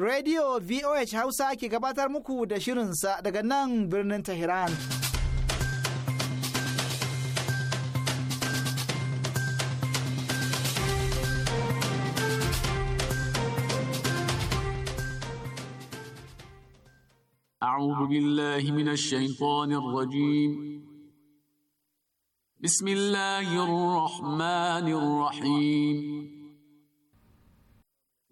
radio vih hausa ke gabatar muku da shirin sa daga nan birnin tehran. a abu biyar laifin na shan kowani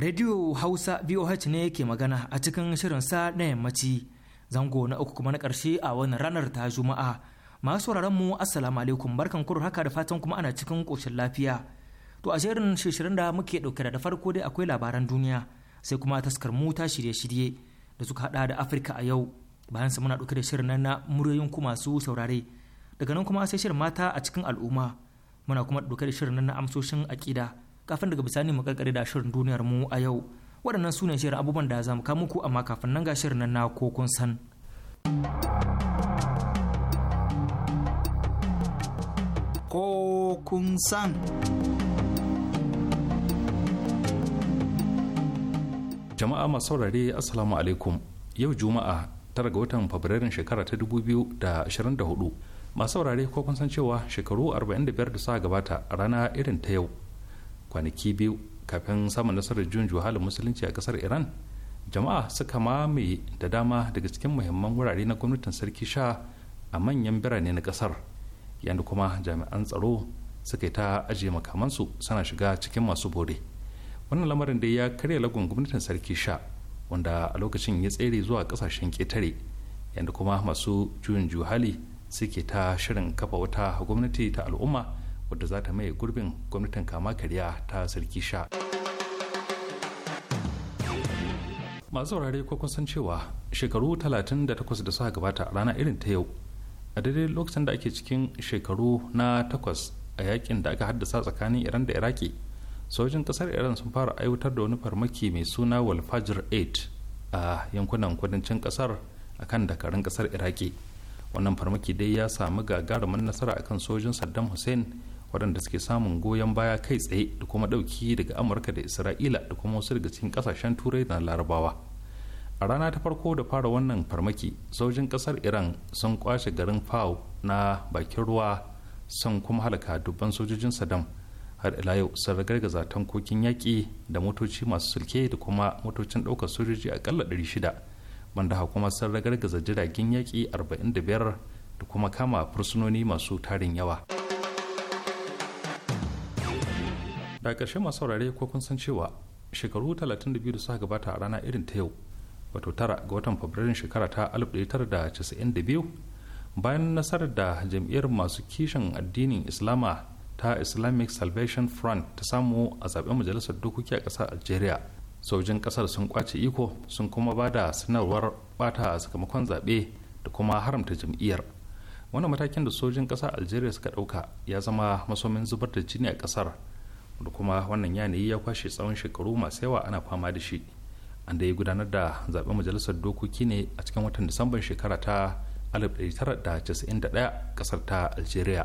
Radio Hausa VOH ne ke magana a cikin shirin sa na yammaci. Zango na uku kuma na ƙarshe a wannan ranar ta Juma'a. Masu sauraron mu Assalamu alaikum barkan kuru haka da fatan kuma ana cikin ƙoshin lafiya. To a shirin shirin da muke ɗauke da farko dai akwai labaran duniya sai kuma taskar mu ta shirye-shirye da suka hada da Afirka a yau. Bayan sa muna ɗauke da shirin na muryoyin ku masu saurare. Daga nan kuma sai shirin mata a cikin al'umma. Muna kuma ɗauke da shirin na amsoshin aƙida. kafin daga bisani mu karkare da shirin duniyar mu a yau waɗannan su ne shirin abubuwan da za mu kawo muku amma kafin nan ga shirin nan na kokon san ko kun san jama'a masu saurare assalamu alaikum yau juma'a tara ga watan fabrairun shekara ta 2024 masu saurare ko kun san cewa shekaru 45 da suka gabata rana irin ta yau kwanaki biyu kafin samun nasarar juyin juhalin musulunci a kasar iran jama'a suka mamaye da dama daga cikin muhimman wurare na gwamnatin sarki sha a manyan birane na kasar yadda kuma jami'an tsaro suka yi ta ajiye makamansu suna shiga cikin masu bore wannan lamarin dai ya karya lagun gwamnatin sarki sha wanda a lokacin ya tsere zuwa kasashen ketare yadda kuma masu juyin juhali suke ta shirin kafa wata gwamnati ta al'umma wadda za ta maye gurbin gwamnatin kama karya ta sarki sha masu saurare ko kun cewa shekaru 38 da suka gabata a rana irin ta yau a daidai lokacin da ake cikin shekaru na takwas a yakin da aka haddasa tsakanin iran da iraki sojin kasar iran sun fara aiwatar da wani farmaki mai suna walfajir 8 a yankunan kudancin kasar akan dakarun kasar iraki wannan farmaki dai ya samu gagarumin nasara akan sojin saddam hussein waɗanda suke samun goyon baya kai tsaye da kuma ɗauki daga amurka da isra'ila da kuma wasu daga cikin ƙasashen turai da larabawa a rana ta farko da fara wannan farmaki sojin ƙasar iran sun kwashe garin fao na bakin ruwa sun kuma halaka dubban sojojin saddam har ila yau sun ragargaza tankokin yaƙi da motoci masu sulke da kuma motocin ɗaukar sojoji akalla shida banda haka kuma sun ragargaza jiragen yaƙi biyar da kuma kama fursunoni masu tarin yawa. da ƙarshe masu saurare ko kun san cewa shekaru 32 da suka gabata a rana irin ta yau wato tara ga watan fabrairun shekara ta 1992 bayan nasarar da jam'iyyar masu kishin addinin islama ta islamic salvation front ta samu a zaben majalisar dokoki a ƙasar algeria sojin ƙasar sun kwace iko sun kuma ba da sanarwar bata sakamakon zaɓe da kuma haramta jam'iyyar wani matakin da sojin ƙasar algeria suka ɗauka ya zama masomin zubar da jini a ƙasar da kuma wannan yanayi ya kwashe tsawon shekaru masu yawa ana fama da shi an da ya gudanar da zaɓen majalisar dokoki ne a cikin watan disamban shekara ta 1991 kasar ta algeria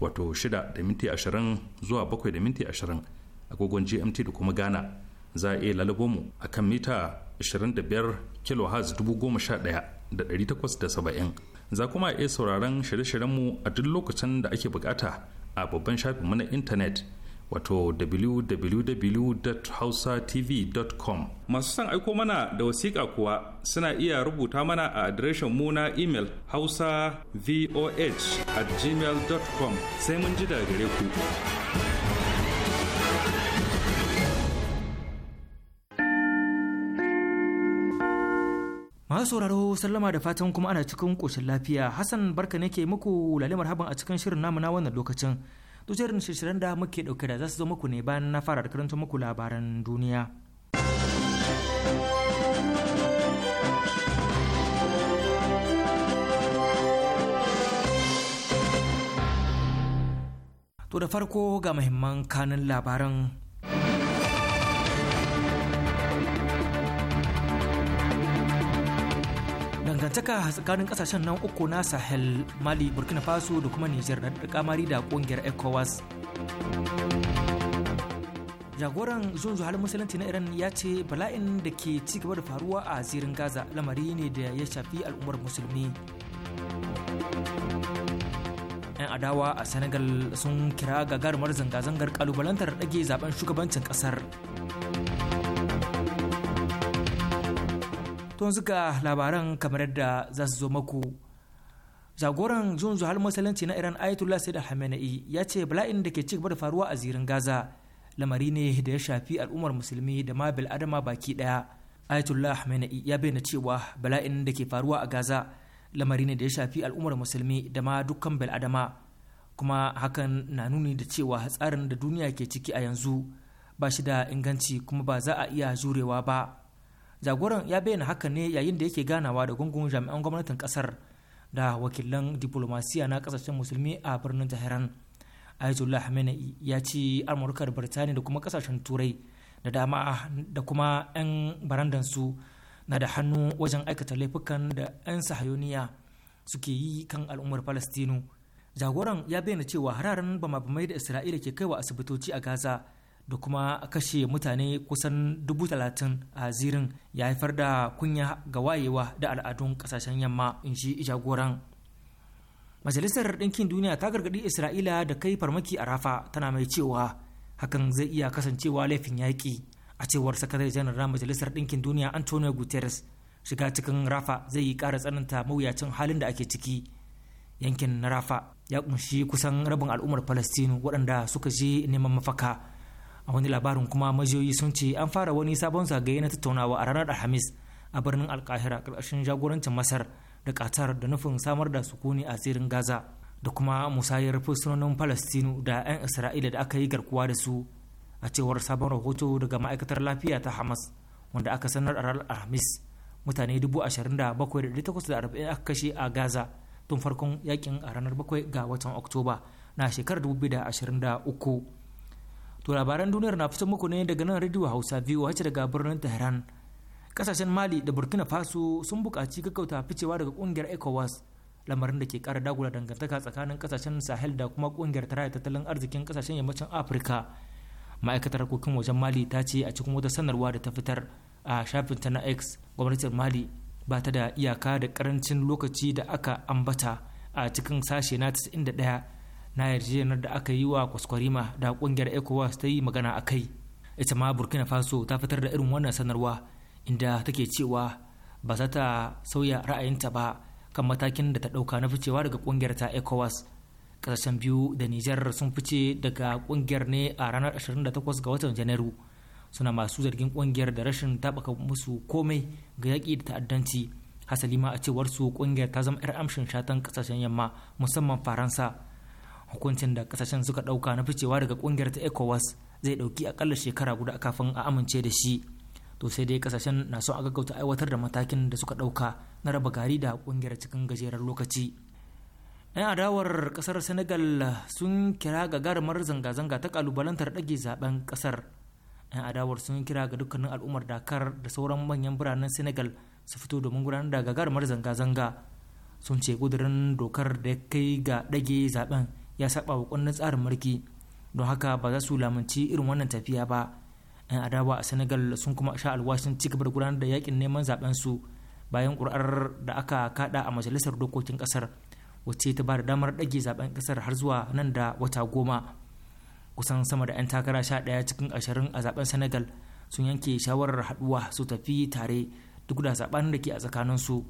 wato 6 da minti 20 zuwa 7 da minti 20 agogon gmt da kuma ghana za a iya lalabo mu a kan mita 25 kilohertz 11870 za kuma iya sauraron shirye-shiryen mu a duk lokacin da ake bukata a babban shafinmu na intanet wato www.hausatv.com masu son aiko mana da wasiƙa kuwa suna iya rubuta mana a adireshin mu na imel hausa voh at gmail.com sai mun ji daga gare ku masu sauraro sallama da fatan kuma ana cikin ƙoshin lafiya hassan barka ne ke muku lalimar haban a cikin shirin namuna na wannan lokacin to jerin shirin da muke dauke da za su zo muku ne bayan na fara da karanta muku labaran duniya to da farko ga muhimman kanin labaran dangantaka tsakanin kasashen nan uku na sahel mali burkina faso da kuma niger da kamari da kungiyar ecowas jagoran zunzu halin musulunci na iran ya ce bala'in da ke ci gaba da faruwa a zirin gaza lamari ne da ya shafi al'ummar musulmi yan adawa a senegal sun kira gagarumar zanga-zangar kalubalantar rage zaben shugabancin kasar tun zuga labaran kamar yadda za su zo maku jagoran jun zuhal masalanci na iran ayatollah sayyid al-hamenei ya ce bala'in da ke cigaba da faruwa a zirin gaza lamari ne da ya shafi al'ummar musulmi da ma bil adama baki daya ayatollah hamenei ya bayyana cewa bala'in da ke faruwa a gaza lamari ne da ya shafi al'ummar musulmi da ma dukkan bil adama kuma hakan na nuni da cewa tsarin da duniya ke ciki a yanzu ba shi da inganci kuma ba za a iya jurewa ba jagoran ya bayyana haka ne yayin da yake ganawa da gungun jami'an gwamnatin kasar da wakilan diplomasiya na kasashen musulmi a birnin tehran ayatollah khamenei ya ce amurka da birtaniya da kuma kasashen turai da dama da kuma 'yan barandansu na da hannu wajen aikata laifukan da 'yan sahayoniya suke yi kan al'ummar palestinu jagoran ya bayyana cewa hararin bama-bamai da isra'ila ke kaiwa asibitoci a gaza da kuma kashe mutane kusan dubu talatin a zirin ya haifar da kunya ga wayewa da al'adun kasashen yamma in ji jagoran majalisar ɗinkin duniya ta gargaɗi isra'ila da kai farmaki a rafa tana mai cewa hakan zai iya kasancewa laifin yaƙi a cewar sakatare janar majalisar ɗinkin duniya antonio guterres shiga cikin rafa zai yi kara tsananta mawuyacin halin da ake ciki yankin na rafa ya kunshi kusan rabin al'ummar palestinu waɗanda suka je neman mafaka a wani labarin kuma majiyoyi sun ce an fara wani sabon zagaye na tattaunawa a ranar alhamis a birnin alkahira ƙarƙashin jagorancin masar da qatar da nufin samar da sukuni a tsirin gaza da kuma musayar fursunonin palestinu da 'yan isra'ila da aka yi garkuwa da su a cewar sabon rahoto daga ma'aikatar lafiya ta hamas wanda aka sanar a ranar alhamis mutane 27,840 aka kashe a gaza tun farkon yakin a ranar 7 ga watan oktoba na shekarar 2023 To labaran duniyar na fito muku ne daga nan Radio Hausa da daga birnin Tehran. Kasashen Mali da Burkina Faso sun bukaci gaggauta ficewa daga ƙungiyar ECOWAS lamarin da ke kara dagula dangantaka tsakanin kasashen Sahel da kuma ƙungiyar tarayya tattalin arzikin kasashen yammacin Afirka. Ma'aikatar harkokin wajen Mali ta ce a cikin wata sanarwa da ta fitar a shafin ta na X gwamnatin Mali ba ta da iyaka da karancin lokaci da aka ambata a cikin sashe na 91 na yarjejeniyar da aka yi wa kwaskwarima da kungiyar ecowas ta yi magana a kai ita ma burkina faso ta fitar da irin wannan sanarwa inda take cewa ba za ta sauya ra'ayinta ba kan matakin da ta dauka na ficewa daga kungiyar ta ecowas kasashen biyu da nijar sun fice daga kungiyar ne a ranar 28 ga watan janairu suna masu zargin kungiyar da rashin tabaka musu komai ga yaƙi da ta'addanci hasali ma a cewar su kungiyar ta zama 'yar amshin shatan kasashen yamma musamman faransa hukuncin da kasashen suka ɗauka na ficewa daga ƙungiyar ta ecowas zai ɗauki akalla shekara guda kafin a amince da shi to sai dai kasashen na son a gaggauta aiwatar da matakin da suka ɗauka na raba gari da kungiyar cikin gajeren lokaci yan adawar kasar senegal sun kira gagarumar zanga-zanga ta kalubalantar dage zaben kasar yan adawar sun kira ga dukkanin al'ummar dakar da sauran manyan biranen senegal su fito domin gudanar da gagarumar zanga-zanga sun ce gudurin dokar da ya kai ga dage zaben ya saba wa kundin tsarin mulki don haka ba za su lamunci irin wannan tafiya ba yan adawa a senegal sun kuma sha alwashin ci gaba da gudanar da yakin neman zaben su bayan ƙurar da aka kada a majalisar dokokin ƙasar wacce ta ba da damar ɗage zaben ƙasar har zuwa nan da wata goma kusan sama da 'yan takara sha daya cikin ashirin a zaben senegal sun yanke shawarar haɗuwa su tafi tare duk da zaben da ke a tsakanin su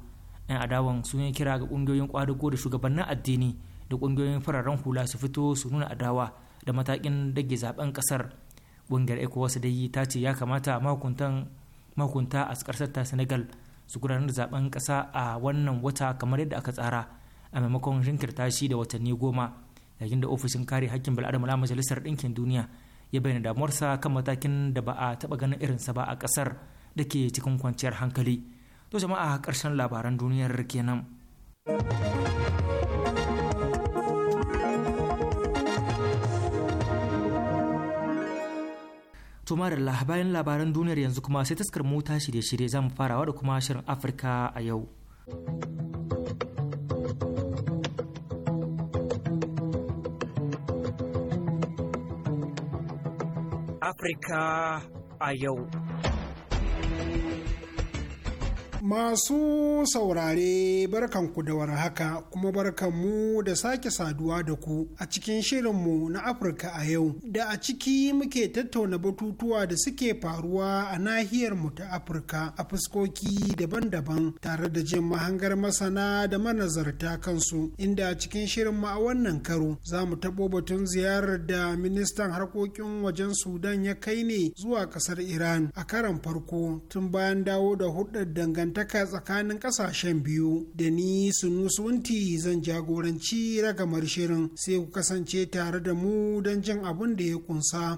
'yan adawan sun yi kira ga ƙungiyoyin ƙwadago da shugabannin addini da kungiyoyin fararen hula su fito su nuna adawa da matakin dage zaben kasar ƙungiyar ecowas yi ta ce ya kamata makunta a ƙasar ta senegal su gudanar da zaben kasa a wannan wata kamar yadda aka tsara a maimakon jinkirta shi da watanni goma yayin da ofishin kare hakkin bil'adama na majalisar ɗinkin duniya ya bayyana damuwarsa kan matakin da ba a taɓa ganin irinsa ba a ƙasar da ke cikin kwanciyar hankali to jama'a ƙarshen labaran duniyar kenan. to lahi, bayan labaran duniyar yanzu kuma sai taskar mota shirye-shirye zan farawa da kuma shirin afirka a yau afirka a yau Masu saurare barkanku da warhaka kuma barkanmu da sake saduwa da ku a cikin shirinmu na Afirka a yau da a ciki muke tattauna batutuwa da suke faruwa a nahiyar mu ta Afirka a fuskoki daban-daban tare da jin mahangar masana da manazarta kansu inda a cikin shirinmu a wannan karo za mu taɓo batun ziyarar da ministan harkokin wajen Sudan ya kai ne zuwa ƙasar Iran a karan farko tun bayan dawo da hulɗar dangantaka dangantaka tsakanin ƙasashen biyu da ni sunusunti zan jagoranci ragamar shirin sai ku kasance tare da mu don jin abin da ya kunsa.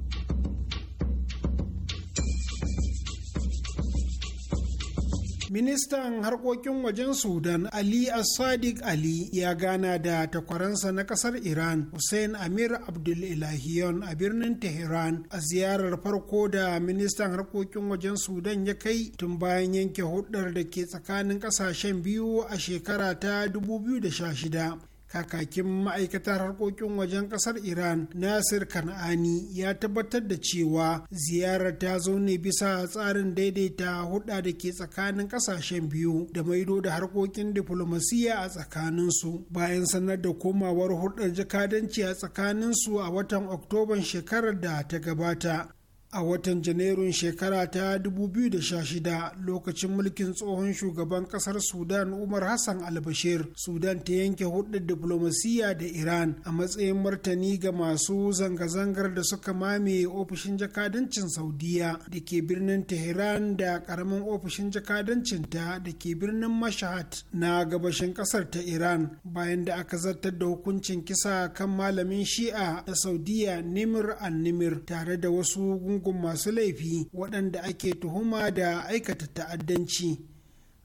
ministan harkokin wajen sudan ali as ali ya gana da takwaransa na kasar iran hussein amir abdul ilahiyon a birnin tehran a ziyarar farko da ministan harkokin wajen sudan ya kai tun bayan yanke hudar da ke tsakanin kasashen biyu a shekara ta 2016 kakakin ma'aikatar harkokin wajen kasar iran nasir kan'ani ya tabbatar da cewa ziyarar ta zo ne bisa tsarin daidaita hudda da ke tsakanin kasashen biyu da maido da harkokin diflomasiya a tsakaninsu bayan sanar da komawar hulɗar jakadanci a tsakaninsu a watan oktoban shekarar da ta gabata a watan janairun shekara ta 2016 lokacin mulkin tsohon shugaban kasar sudan umar hassan albashir sudan ta yanke hudun diplomasiya da iran a matsayin martani ga masu zanga-zangar da suka mamaye ofishin jakadancin saudiya da ke birnin tehran da karamin ofishin jakadancin ta da ke birnin mashahad na gabashin kasar ta iran bayan da aka zartar da hukuncin kisa kan malamin shi'a da saudiya nimir al-nimir tare da wasu gungun masu laifi waɗanda ake tuhuma da aikata ta'addanci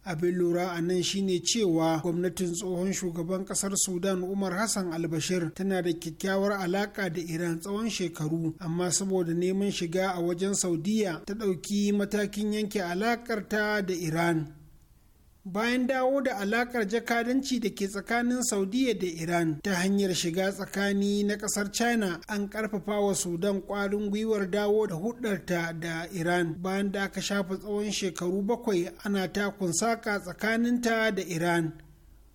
abin lura a nan shine cewa gwamnatin tsohon shugaban kasar sudan umar hassan albashir tana da kyakkyawar alaka da iran tsawon shekaru amma saboda neman shiga a wajen saudiya ta ɗauki matakin yanke alakar ta da iran bayan dawo da alakar jakadanci da ke tsakanin saudiya da iran ta hanyar shiga tsakani na kasar china an karfafa wa sudan kwarin gwiwar dawo da hudarta da iran bayan da aka shafa tsawon shekaru bakwai ana takun saka tsakaninta da iran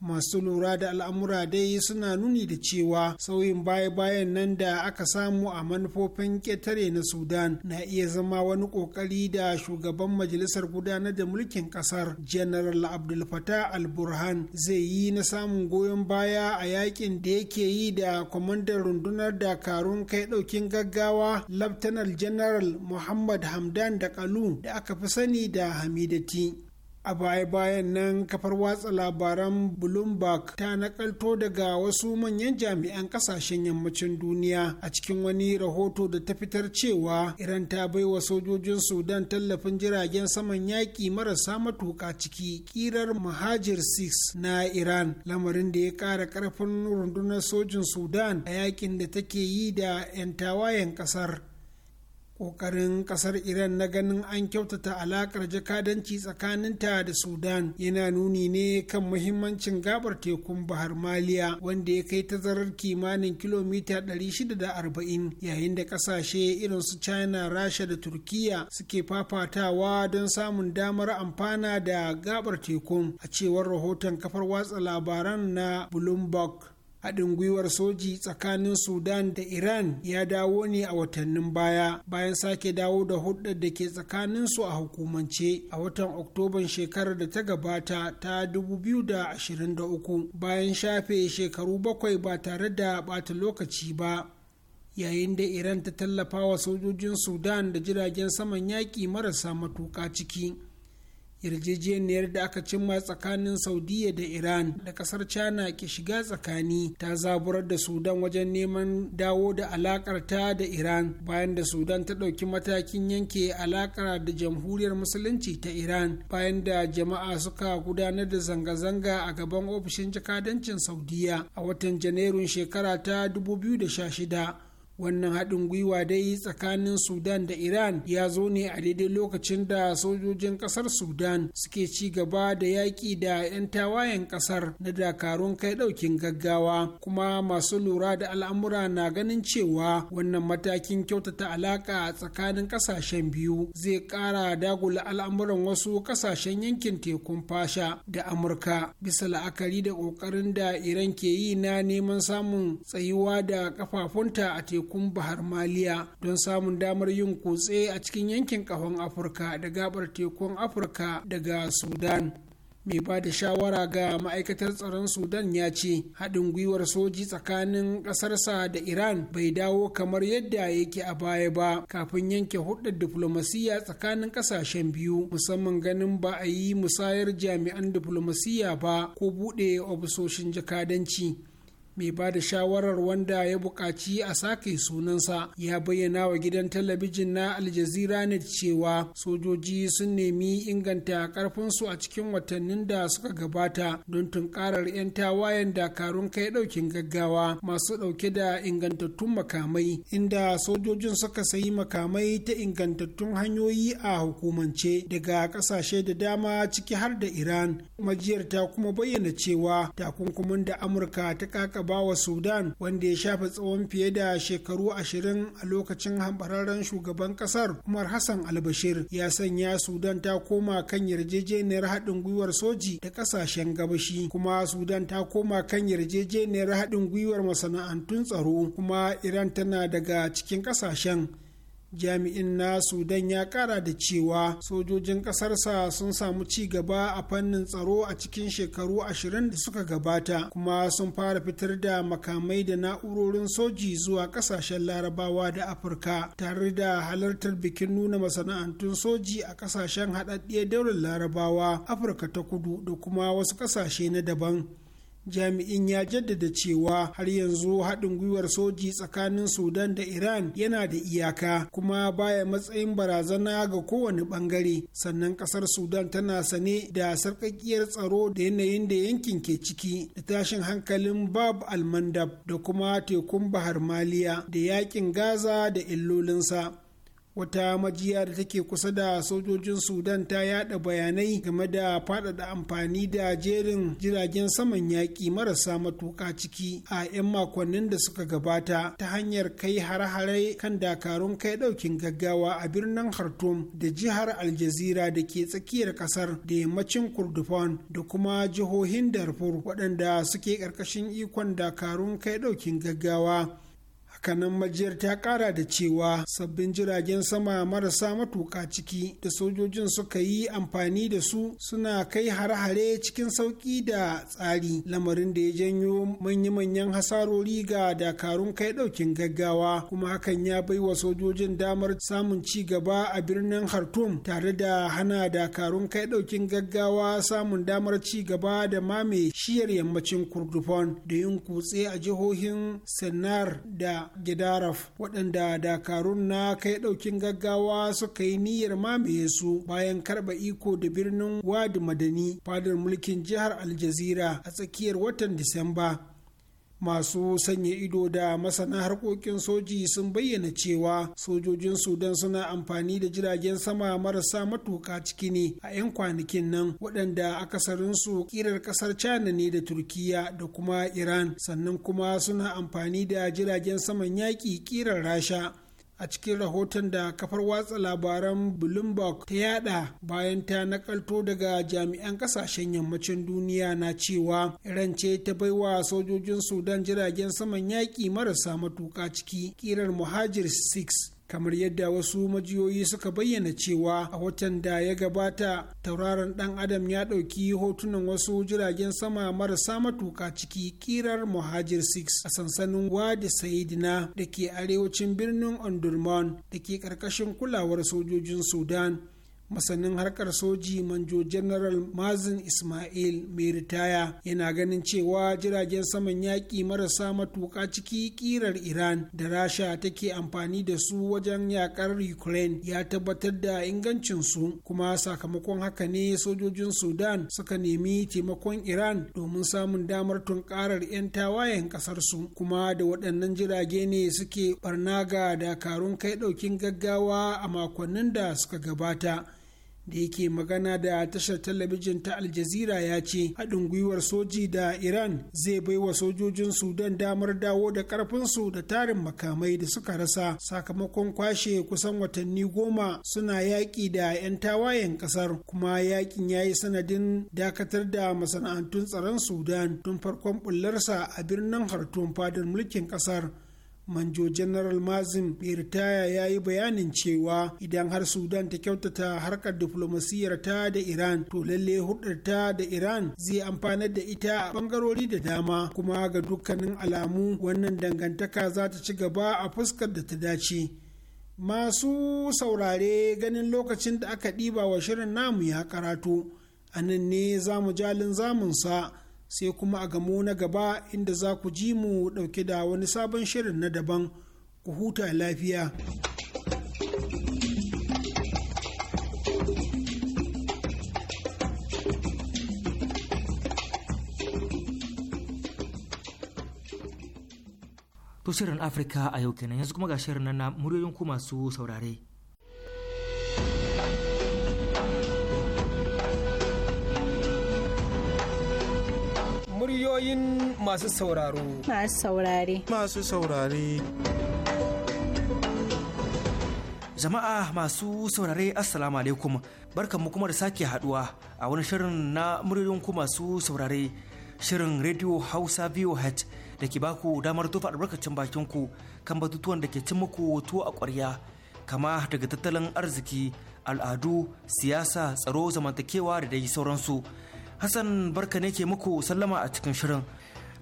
masu lura da al'amura dai suna nuni da cewa sauyin baya-bayan nan da aka samu a manufofin ƙetare na sudan na iya zama wani ƙoƙari da shugaban majalisar gudanar da mulkin ƙasar general abdul fatah al-burhan zai yi na samun goyon baya a yakin da yake yi da kwamandan rundunar dakarun kai ɗaukin gaggawa laftanar general muhammad hamdan da kalu da aka fi sani da hamidati a baya-bayan nan kafar watsa labaran bloomberg ta nakalto daga wasu manyan jami'an kasashen yammacin duniya a cikin wani rahoto da ta fitar cewa iran ta bai wa sojojin sudan tallafin jiragen saman yaƙi marasa matuƙa ciki ƙirar mahajir 6 na iran lamarin da ya ƙara ƙarfin rundunar sojin sudan a yaƙin da take yi da 'yan tawayen ƙasar kokarin kasar iran na ganin an kyautata alakar jakadanci tsakaninta da sudan yana nuni ne kan muhimmancin gabar tekun bahar maliya wanda ya kai tazarar kimanin kilomita 640 yayin da kasashe irin su china rasha da turkiya suke fafatawa don samun damar amfana da gabar tekun a cewar rahoton kafar watsa labaran na bloomberg haɗin gwiwar soji tsakanin sudan da iran ya dawo ne a watannin baya bayan sake dawo da hulɗar da ke tsakanin su a hukumance a watan oktoban shekarar da ta gabata ta 2023 bayan shafe shekaru bakwai ba tare da bata lokaci ba yayin da iran ta tallafa wa sojojin sudan da jiragen saman yaƙi marasa matuƙa ciki yarjejeniyar da aka cimma tsakanin saudiya da iran da kasar china ke shiga tsakani ta zaburar da sudan wajen neman dawo da alakar ta da iran bayan da sudan ta ɗauki matakin yanke alakar da jamhuriyar musulunci ta iran bayan da jama'a suka gudanar da zanga-zanga a gaban ofishin jakadancin saudiya a watan janairun shekara ta 2016 wannan haɗin gwiwa dai tsakanin sudan da iran ya zo ne a daidai lokacin da sojojin ƙasar sudan suke ci gaba da yaƙi da 'yan tawayen ƙasar na dakarun kai ɗaukin gaggawa kuma masu lura da al'amura na ganin cewa wannan matakin kyautata alaƙa a tsakanin ƙasashen biyu zai ƙara dagula al'amuran wasu ƙasashen yankin tekun fasha da amurka bisa la'akari da ƙoƙarin da iran ke yi na neman samun tsayuwa da ƙafafunta a teku tekun bahar maliya don samun damar yin kutse a cikin yankin kahon afirka da gabar tekun afirka daga sudan mai ba da shawara ga ma'aikatar tsaron sudan ya ce haɗin gwiwar soji tsakanin ƙasarsa da iran bai dawo kamar yadda yake a baya ba kafin yanke hudar diflomasiyya tsakanin ƙasashen biyu musamman ganin ba a yi musayar jami'an diflomasiyya ba ko buɗe ofisoshin jakadanci mai ba da shawarar wanda ya buƙaci a sake sunansa ya bayyana wa gidan talabijin na aljazira ne cewa sojoji sun nemi inganta ƙarfinsu a cikin watannin da suka gabata don tunkarar 'yan tawayen dakarun kai ɗaukin gaggawa masu ɗauke da ingantattun makamai inda sojojin suka sayi makamai ta ingantattun hanyoyi a hukumance daga ƙasashe da dama ciki har da iran majiyar ta kuma bayyana cewa takunkumin da amurka ta kaka ba wa sudan wanda ya shafa tsawon fiye da shekaru ashirin a lokacin hambararren shugaban kasar umar hassan albashir ya sanya sudan ta koma kan yarjejeniyar haɗin gwiwar soji da ƙasashen gabashi kuma sudan ta koma kan yarjejeniyar haɗin gwiwar masana'antun tsaro kuma iran tana daga cikin ƙasashen jami'in na sudan ya kara da cewa sojojin kasarsa sun samu ci gaba a fannin tsaro a cikin shekaru ashirin da suka gabata kuma sun fara fitar da makamai da na'urorin soji zuwa kasashen larabawa da afirka tare da halartar bikin nuna masana'antun soji a kasashen haɗaɗɗiyar daular larabawa afirka ta kudu da kuma wasu kasashe na daban jami'in ya jaddada cewa har yanzu haɗin gwiwar soji tsakanin sudan da iran yana da iyaka kuma baya matsayin barazana ga kowane ɓangare sannan ƙasar sudan tana sane da sarƙaƙiyar tsaro da yanayin da yankin ke ciki da tashin hankalin bab almandab da kuma tekun bahar maliya da yakin gaza da illolinsa wata majiya da take kusa da sojojin sudan ta yada bayanai game da faɗaɗa amfani da jerin jiragen saman yaƙi marasa matuƙa ciki a 'yan makonnin da suka gabata ta hanyar kai hare-hare kan dakarun kai daukin gaggawa a birnin khartoum da jihar aljazira da ke tsakiyar ƙasar da yammacin kurdufan da kuma jihohin darfur waɗanda suke ƙarƙashin ikon dakarun kai ɗaukin gaggawa kanan majiyar ta kara da cewa sabbin jiragen sama marasa matuka ciki da sojojin suka yi amfani da su suna kai hare-hare cikin sauki da tsari lamarin da ya janyo manya-manyan hasarori ga dakarun kai daukin gaggawa kuma hakan ya bai wa sojojin damar samun ci gaba a birnin khartoum tare da hana dakarun kai daukin gaggawa samun damar ci gaba da mame shiyar yammacin kurdufan da yin kutse a jihohin sennar da gidaraf waɗanda dakarun na kai ɗaukin gaggawa suka yi niyyar mamaye su bayan karɓa iko da birnin wadi madani fadar mulkin jihar aljazira a tsakiyar watan disamba masu sanya ido da masana harkokin soji sun bayyana cewa sojojin sudan suna amfani da jiragen sama marasa matuka ciki ne a 'yan kwanakin nan waɗanda akasarinsu kirar ƙasar china ne da turkiya da kuma iran sannan kuma suna amfani da jiragen saman yaƙi kirar rasha a cikin rahoton da kafar watsa labaran bloomberg ta yada bayan ta nakalto daga jami'an kasashen yammacin duniya na cewa iran ce ta baiwa sojojin sudan jiragen saman yaƙi marasa matuka ciki kirar muhajir 6 kamar yadda wasu majiyoyi suka bayyana cewa a watan da ya gabata tauraron dan adam ya ɗauki hotunan wasu jiragen sama marasa matuka ciki kirar muhajir 6 a sansanin wadi saidina da ke arewacin birnin ondurman da ke ƙarƙashin kulawar sojojin sudan masanin harkar soji manjo general mazin ismail mai ritaya yana ganin cewa jiragen saman yaƙi marasa matuƙa ciki ƙirar iran da rasha take amfani da su wajen yaƙar ukraine ya tabbatar da ingancinsu kuma sakamakon haka ne sojojin sudan suka nemi taimakon iran domin samun damar tunkarar 'yan tawayen ƙasarsu kuma da waɗannan jirage ne suke barna ga dakarun kai ɗaukin gaggawa a makonnin da suka gabata da yake magana da tashar talabijin ta aljazira ya ce haɗin gwiwar soji da iran zai baiwa sojojin sudan damar dawo da ƙarfinsu da tarin makamai da suka rasa sakamakon kwashe kusan watanni goma suna yaƙi da 'yan tawayen ƙasar kuma yaƙin ya yi sanadin dakatar da masana'antun tsaron sudan tun farkon bullarsa a birnin hartun fadar mulkin ƙasar manjo general mazin Birtaya ya yi bayanin cewa idan har sudan ta kyautata harkar diflomasiyyar ta da iran to lalle hudar ta da iran zai amfanar da ita a bangarori da dama kuma ga dukkanin alamu wannan dangantaka za ta ci gaba a fuskar da ta dace masu saurare ganin lokacin da aka ɗiba wa shirin namu ya karatu a nan ne zamu jalin zamunsa sai kuma a gamo na gaba inda za ku ji mu ɗauke da wani sabon shirin na daban ku huta lafiya. To shirin Afirka a yau kenan yanzu kuma ga shirin na muryoyin ku masu saurare. Muryoyin masu sauraro. Masu saurare. Masu saurare. Jama'a masu saurare Assalamu alaikum barkanmu kuma da sake haduwa a wani shirin na muryoyin masu saurare shirin Radio Hausa VOH da ke baku damar tofa albarkacin bakin ku kan batutuwan da ke cin muku tuwo a kwarya kama daga tattalin arziki al'adu siyasa tsaro zamantakewa da dai sauransu. Hassan barka ne ke muku sallama a cikin shirin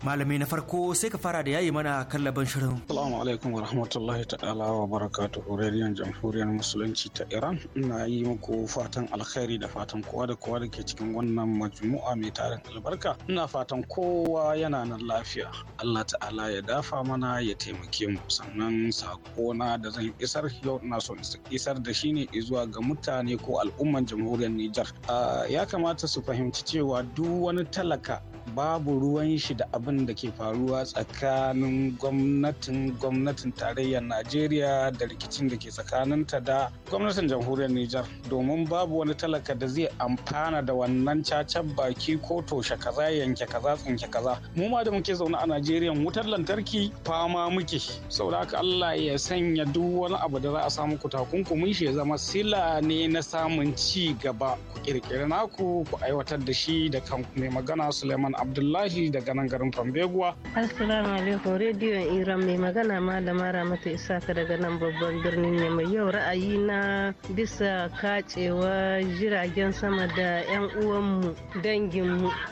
malami na farko sai ka fara da yayi mana kallaban shirin Salamu alaikum wa ta ta'ala wa barakatu. radiyon jamhuriyar musulunci ta iran ina yi muku fatan alkhairi da fatan kowa da kowa da ke cikin wannan majmu'a mai tarin albarka ina fatan kowa yana nan lafiya allah ta'ala ya dafa mana ya taimake mu sannan sakona da zan isar yau ina so isar da shi ne zuwa ga mutane ko al'umman jamhuriyar nijar ah, ya kamata su fahimci cewa duk wani talaka babu ruwan shi da abin da ke faruwa tsakanin gwamnatin gwamnatin tarayyar najeriya da rikicin da ke tsakanin ta da gwamnatin jamhuriyar nijar domin babu wani talaka da zai amfana da wannan cacen baki ko toshe kaza yanke kaza tsinke kaza mu ma da muke zaune a najeriya wutar lantarki fama muke saboda haka allah ya sanya duk wani abu da za a samu ku takunkumin shi ya zama sila ne na samun ci gaba ku kirkiri naku ku aiwatar da shi da kanku mai magana suleiman Usman Abdullahi daga nan garin Fambeguwa. Assalamu alaikum rediyon Iran mai magana malama Ramatu Isaka daga nan babban birnin Yamai yau ra'ayi na bisa kacewa jiragen sama da 'yan uwanmu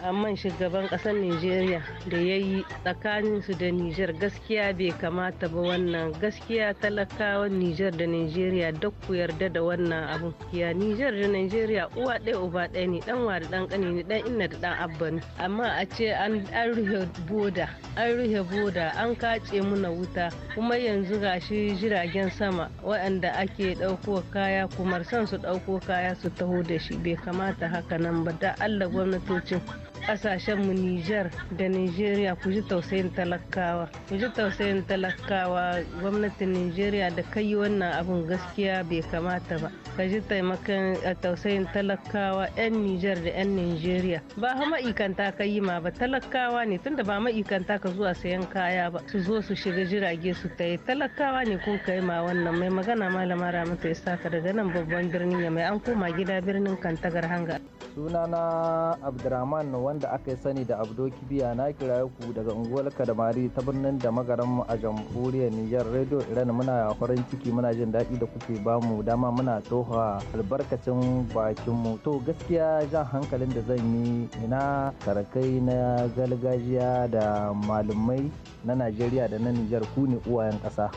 a man shugaban ƙasar Nijeriya da ya yi tsakaninsu da Nijar gaskiya bai kamata ba wannan gaskiya talakawa Nijar da Nijeriya duk ku yarda da wannan abu. Ya Nijar da Nijeriya uwa ɗaya uba ɗaya ne dan wa da dan ƙani ne dan inna da dan abba ne amma a ce an rufe boda an rufe boda an kace muna wuta kuma yanzu gashi jiragen sama waɗanda ake ɗauko kaya kuma son su ɗauko kaya su taho da shi bai kamata haka nan ba da allah gwamnatocin mu Nijar da nigeria ku ji tausayin talakawa. Ku ji tausayin talakawa gwamnatin nigeria da kai wannan abun gaskiya bai kamata ba. Ka ji taimakon eh, tausayin talakawa 'yan Nijar da 'yan nigeria Ba ha ma'ikanta ka yi ma ba talakawa ne tunda ba ma'ikanta ka zuwa sayan kaya ba su zo su shiga jirage su ta yi talakawa ne kun kai ma wannan mai magana malama ramata isaka daga nan babban birnin ya mai an koma gida birnin kantagar hanga. Sunana Abdurrahman wanda aka sani da abdo kibiya na kira ku daga unguwar kadamari ta birnin da magaran a jamhuriyar niger radio iran muna farin ciki muna jin daɗi da kuke bamu dama muna toha albarkacin bakinmu to gaskiya jan hankalin da zan yi ina sarakai na gargajiya da malumai na najeriya da na niger ku ne uwayen ƙasa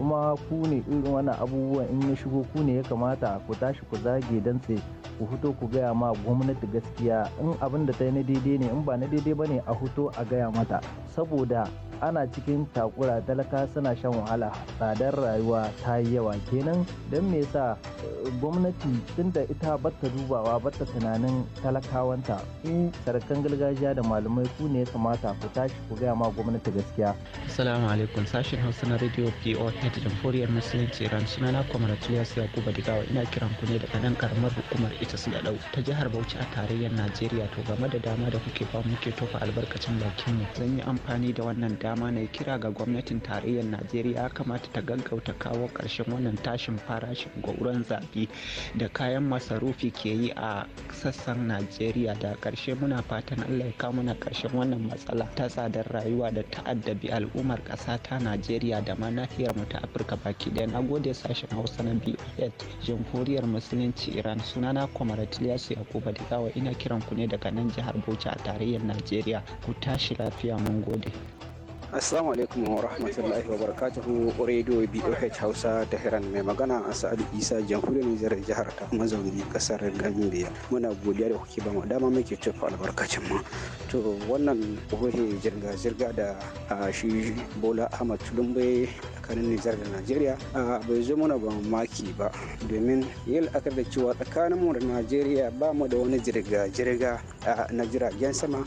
kuma ku ne irin wannan abubuwan in ya shigo ku ne ya kamata ku tashi ku zage tse ku fito ku gaya ma gwamnati gaskiya in abin da ta yi na daidai ne in ba na daidai ba ne a fito a gaya mata saboda ana cikin takura talaka suna shan wahala tsadar rayuwa ta yi yawa kenan don me yasa eh, gwamnati tunda ita bata dubawa bata tunanin talakawanta ku sarakan gargajiya da malamai ku ne kamata ku tashi ku gaya ma gwamnati gaskiya assalamu alaikum sashen hausa na radio poh ta jamhuriyar musulunci iran suna na kwamaratul yasu yakuba digawa ina kiran ku ne daga nan karamar hukumar ita su da ta jihar bauchi a tarayyar najeriya to game da dama da kuke ba muke tofa albarkacin bakin mu zan yi amfani da wannan dama dama na kira ga gwamnatin tarayyar najeriya ya kamata ta gaggauta kawo karshen wannan tashin farashin gwauron zabi da kayan masarufi ke yi a sassan najeriya da ƙarshe muna fatan allah ya kawo mana karshen wannan matsala ta tsadar rayuwa da ta'addabi al'ummar ƙasa ta najeriya da ma nahiyar mu ta afirka baki ɗaya na gode sashen hausa na biyu jamhuriyar musulunci iran sunana kwamaratiliyasu yakuba da gawa ina kiran ku ne daga nan jihar bauchi a tarayyar najeriya ku tashi lafiya mun gode Assalamu alaikum wa rahmatullahi wa barakatuhu Radio BOH Hausa Hiran mai magana a Sa'adu Isa jamhuriyar Nijar jihar ta mazauni kasar Gambia. Muna godiya da kuke ba mu dama muke tofa albarkacin mu. To wannan hohe jirga jirga da shi Bola Ahmad Tulumbe tsakanin Nijar da Najeriya A bai zo mana ba maki ba domin yin la'akar da cewa tsakanin mu da Najeriya ba mu da wani jirga jirga na jiragen sama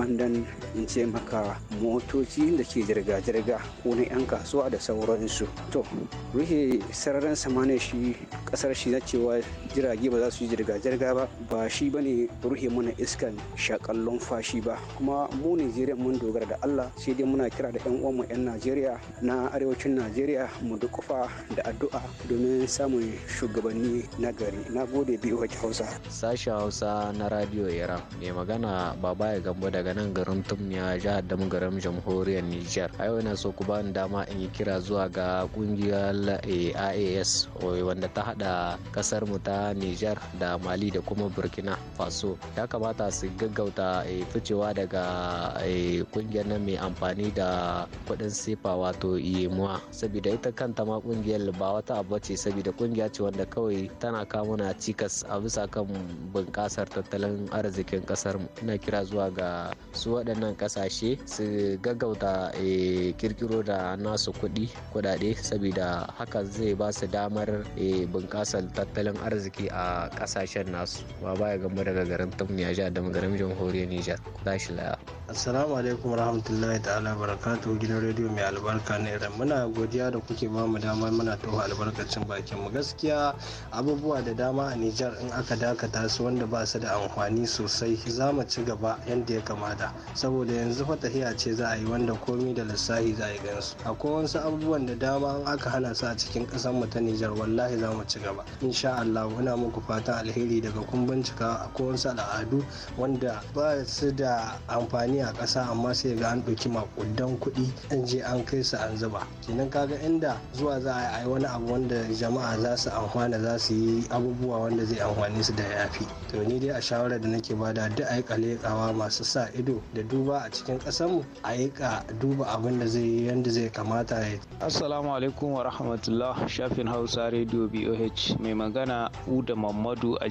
bandan in ce maka motoci filin da ke jirga-jirga ko na 'yan kasuwa da sauransu to rufe sararin samaniya shi kasar shi na cewa jirage ba za su yi jirga-jirga ba ba shi ba ne rufe mana iskan shakan fashi ba kuma mu nigeria mun dogara da allah sai dai muna kira da 'yan uwanmu 'yan najeriya na arewacin najeriya mu dukufa da addu'a domin samun shugabanni na gari na gode biyu hausa sashen hausa na radio yara mai magana ba ya gambo daga nan garin tumniya jihar damgaram jamhuriyar jamhuriyar Nijar. A yau ina so ku bani dama in yi kira zuwa ga kungiyar eh, IAS wanda ta hada kasar mu ta Nijar da Mali da kuma Burkina Faso. Ya kamata su gaggauta eh, ficewa daga eh, kungiyar nan mai amfani da kudin sefa wato iyemuwa saboda ita kanta ma kungiyar ba wata abu ce saboda kungiya ce wanda kawai tana kawo na cikas a bisa kan bunƙasar tattalin arzikin kasar mu. Ina kira zuwa ga su waɗannan kasashe su gaggauta suka eh, kirkiro da nasu kuɗi kuɗaɗe saboda haka zai ba su damar eh, bunƙasar tattalin arziki a ƙasashen nasu ba ba ya gama daga garin tumniya da magarin jamhuriyar nijar tashi laya Assalamu alaikum rahmatullahi ta'ala barakatuhu gidan rediyo mai albarka na Iran. Muna godiya da kuke ba mu dama muna tofa albarkacin bakin mu gaskiya abubuwa da dama a Nijar in aka dakata su wanda ba su da amfani sosai za mu ci gaba yadda ya kamata saboda yanzu fatahiya ce za a yi wanda komi da lissahi za a yi gansu. Akwai wasu abubuwan da dama in aka hana su a cikin ƙasar mu ta Nijar wallahi za mu ci gaba. Insha Allah muna muku fatan alheri daga kun bincika akwai wasu al'adu wanda ba su da amfani ne a ƙasa amma sai ga an ɗauki makudan kuɗi an je an kai su an zuba kenan kaga inda zuwa za a yi wani abu wanda jama'a za su amfana za su yi abubuwa wanda zai amfani su da yafi to ni dai a shawarar da nake bada duk a yi ƙalekawa masu sa ido da duba a cikin mu a yi ka duba abin da zai yi yanda zai kamata ya assalamu alaikum wa rahmatullah shafin hausa radio boh mai magana uda mamadu a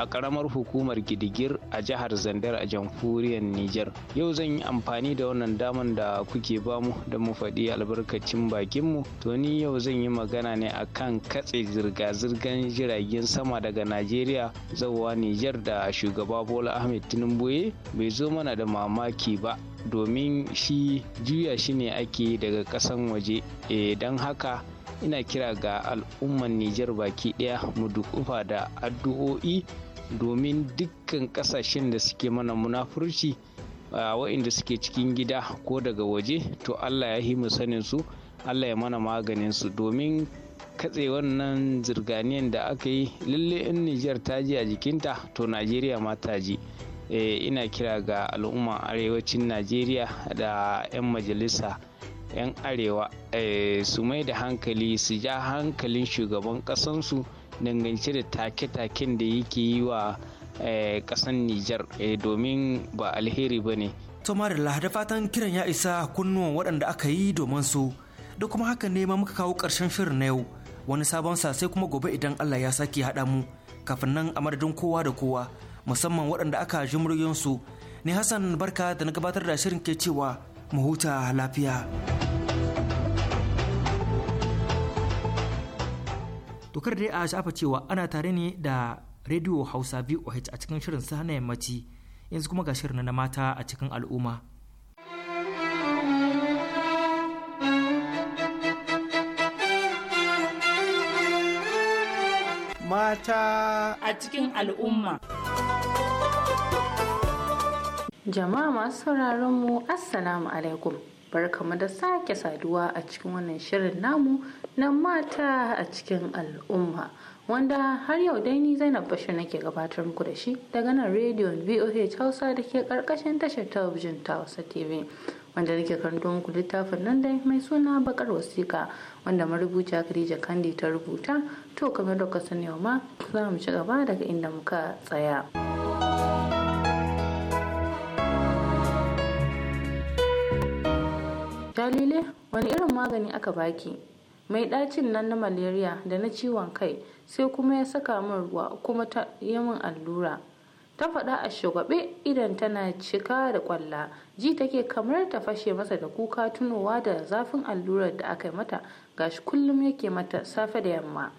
a karamar hukumar gidigir a jihar zandar a jamhuriyar niger yau zan yi amfani da wannan daman da kuke bamu don mu faɗi albarkacin bakin mu to ni yau zan yi magana ne akan katse zirga-zirgar jiragen sama daga najeriya zauwa nijar da shugaba bola ahmed tinubu bai zo mana da mamaki ba domin shi juya shi ne ake daga ƙasan waje e don haka ina kira ga al'umman nijar baki ɗaya mu dukufa da addu'o'i domin dukkan ƙasashen da suke mana munafurci wa'inda suke cikin gida ko daga waje to allah ya himu sanin su allah ya mana maganin su domin katse wannan zirganiyar da aka yi lalle in nijar ta ji a jikinta to najeriya ma ta ji eh, ina kira ga al'umman arewacin najeriya da 'yan majalisa 'yan arewa eh, su mai da hankali su ja hankalin shugaban kasansu dangance da take-taken da yake yi wa Eh, kasan Nijar eh, domin ba alheri ba ne. Tomarilla da fatan kiran ya isa kunnuwan waɗanda aka yi domin su da kuma haka ne ma muka kawo ƙarshen shirin na yau wani sabon sa sai kuma gobe idan Allah ya sake haɗa mu kafin nan a madadin kowa da kowa musamman waɗanda aka ji su ne Hassan barka da na gabatar da shirin ke cewa mu huta lafiya. Tukar dai a shafa cewa ana tare ne da rediyo hausa voh a cikin shirin sa na yammaci yanzu kuma ga shirin na mata a cikin al'umma mata a cikin al'umma jama'a masu sauraron mu assalamu alaikum barkamu da sake saduwa a cikin wannan shirin namu na mata a cikin al'umma wanda har yau dai ni Zainab Bashir nake gabatar muku da shi daga nan rediyon VOH Hausa da ke karkashin tashar talabijin ta Hausa TV wanda nake karanto muku littafin nan dai mai suna bakar wasiƙa wanda marubuciya Khadija Kandi ta rubuta to kamar da ka sani ma za mu ci gaba daga inda muka tsaya. dalilai wani irin magani aka baki mai ɗacin nan na malaria da na ciwon kai sai kuma ya saka min ruwa kuma ta yi min allura ta faɗa a shugabe idan tana cika da kwalla ji take kamar ta fashe masa da kuka tunowa da zafin allurar da aka yi mata gashi kullum yake mata safe da yamma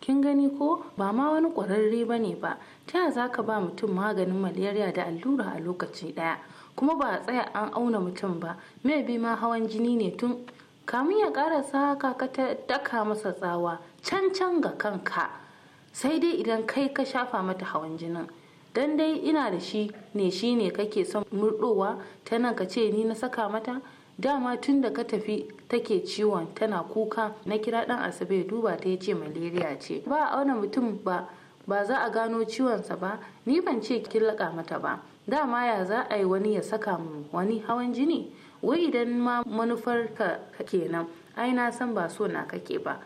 kin gani ko ba ma wani ƙwararre ba ne ba ta za ka ba mutum maganin malaria da allura a lokaci ɗaya kuma ba a tsaya an auna mutum ba mai bi ma hawan jini ne tun kamin ya karasa kaka ta daka masa tsawa can can ga kanka sai dai idan kai ka shafa mata hawan jinin dan dai ina da shi ne shi ne kake son murdowa ta nan ka ce ni na saka mata dama tun da ka tafi take ciwon tana kuka na kira dan asabe duba ta yace malaria ce ba a auna mutum ba ba za a gano ciwonsa ba ni ban ce kin laka mata ba dama ya za a yi wani ya saka mu wani hawan jini wai idan ma manufarka kenan ai na san ba so na kake ba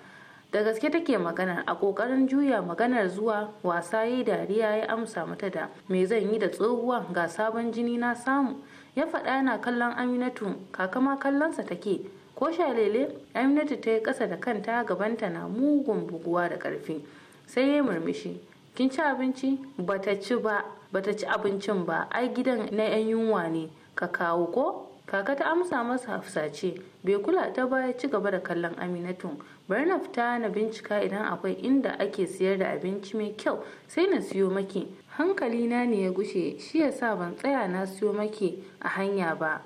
da gaske take magana a kokarin juya maganar zuwa wasa yi dariya ya amsa mata da me zan yi da tsohuwa ga sabon jini na samu ya faɗa yana kallon aminatu kakama kallonsa take ko shalele aminatu ta yi ƙasa da kanta gabanta na mugun buguwa da ƙarfi sai ya murmushi kin ci abinci bata ci ba bata ci abincin ba ai gidan na yan yunwa ne ka kawo ko kaka ta amsa masa hafsace bai kula ta baya ci gaba da kallon Aminatu. bari na fita na bincika idan akwai inda ake siyar da abinci mai kyau sai na siyo maki hankali na ne ya gushe shi ya sa ban tsaya na siyo maki a hanya ba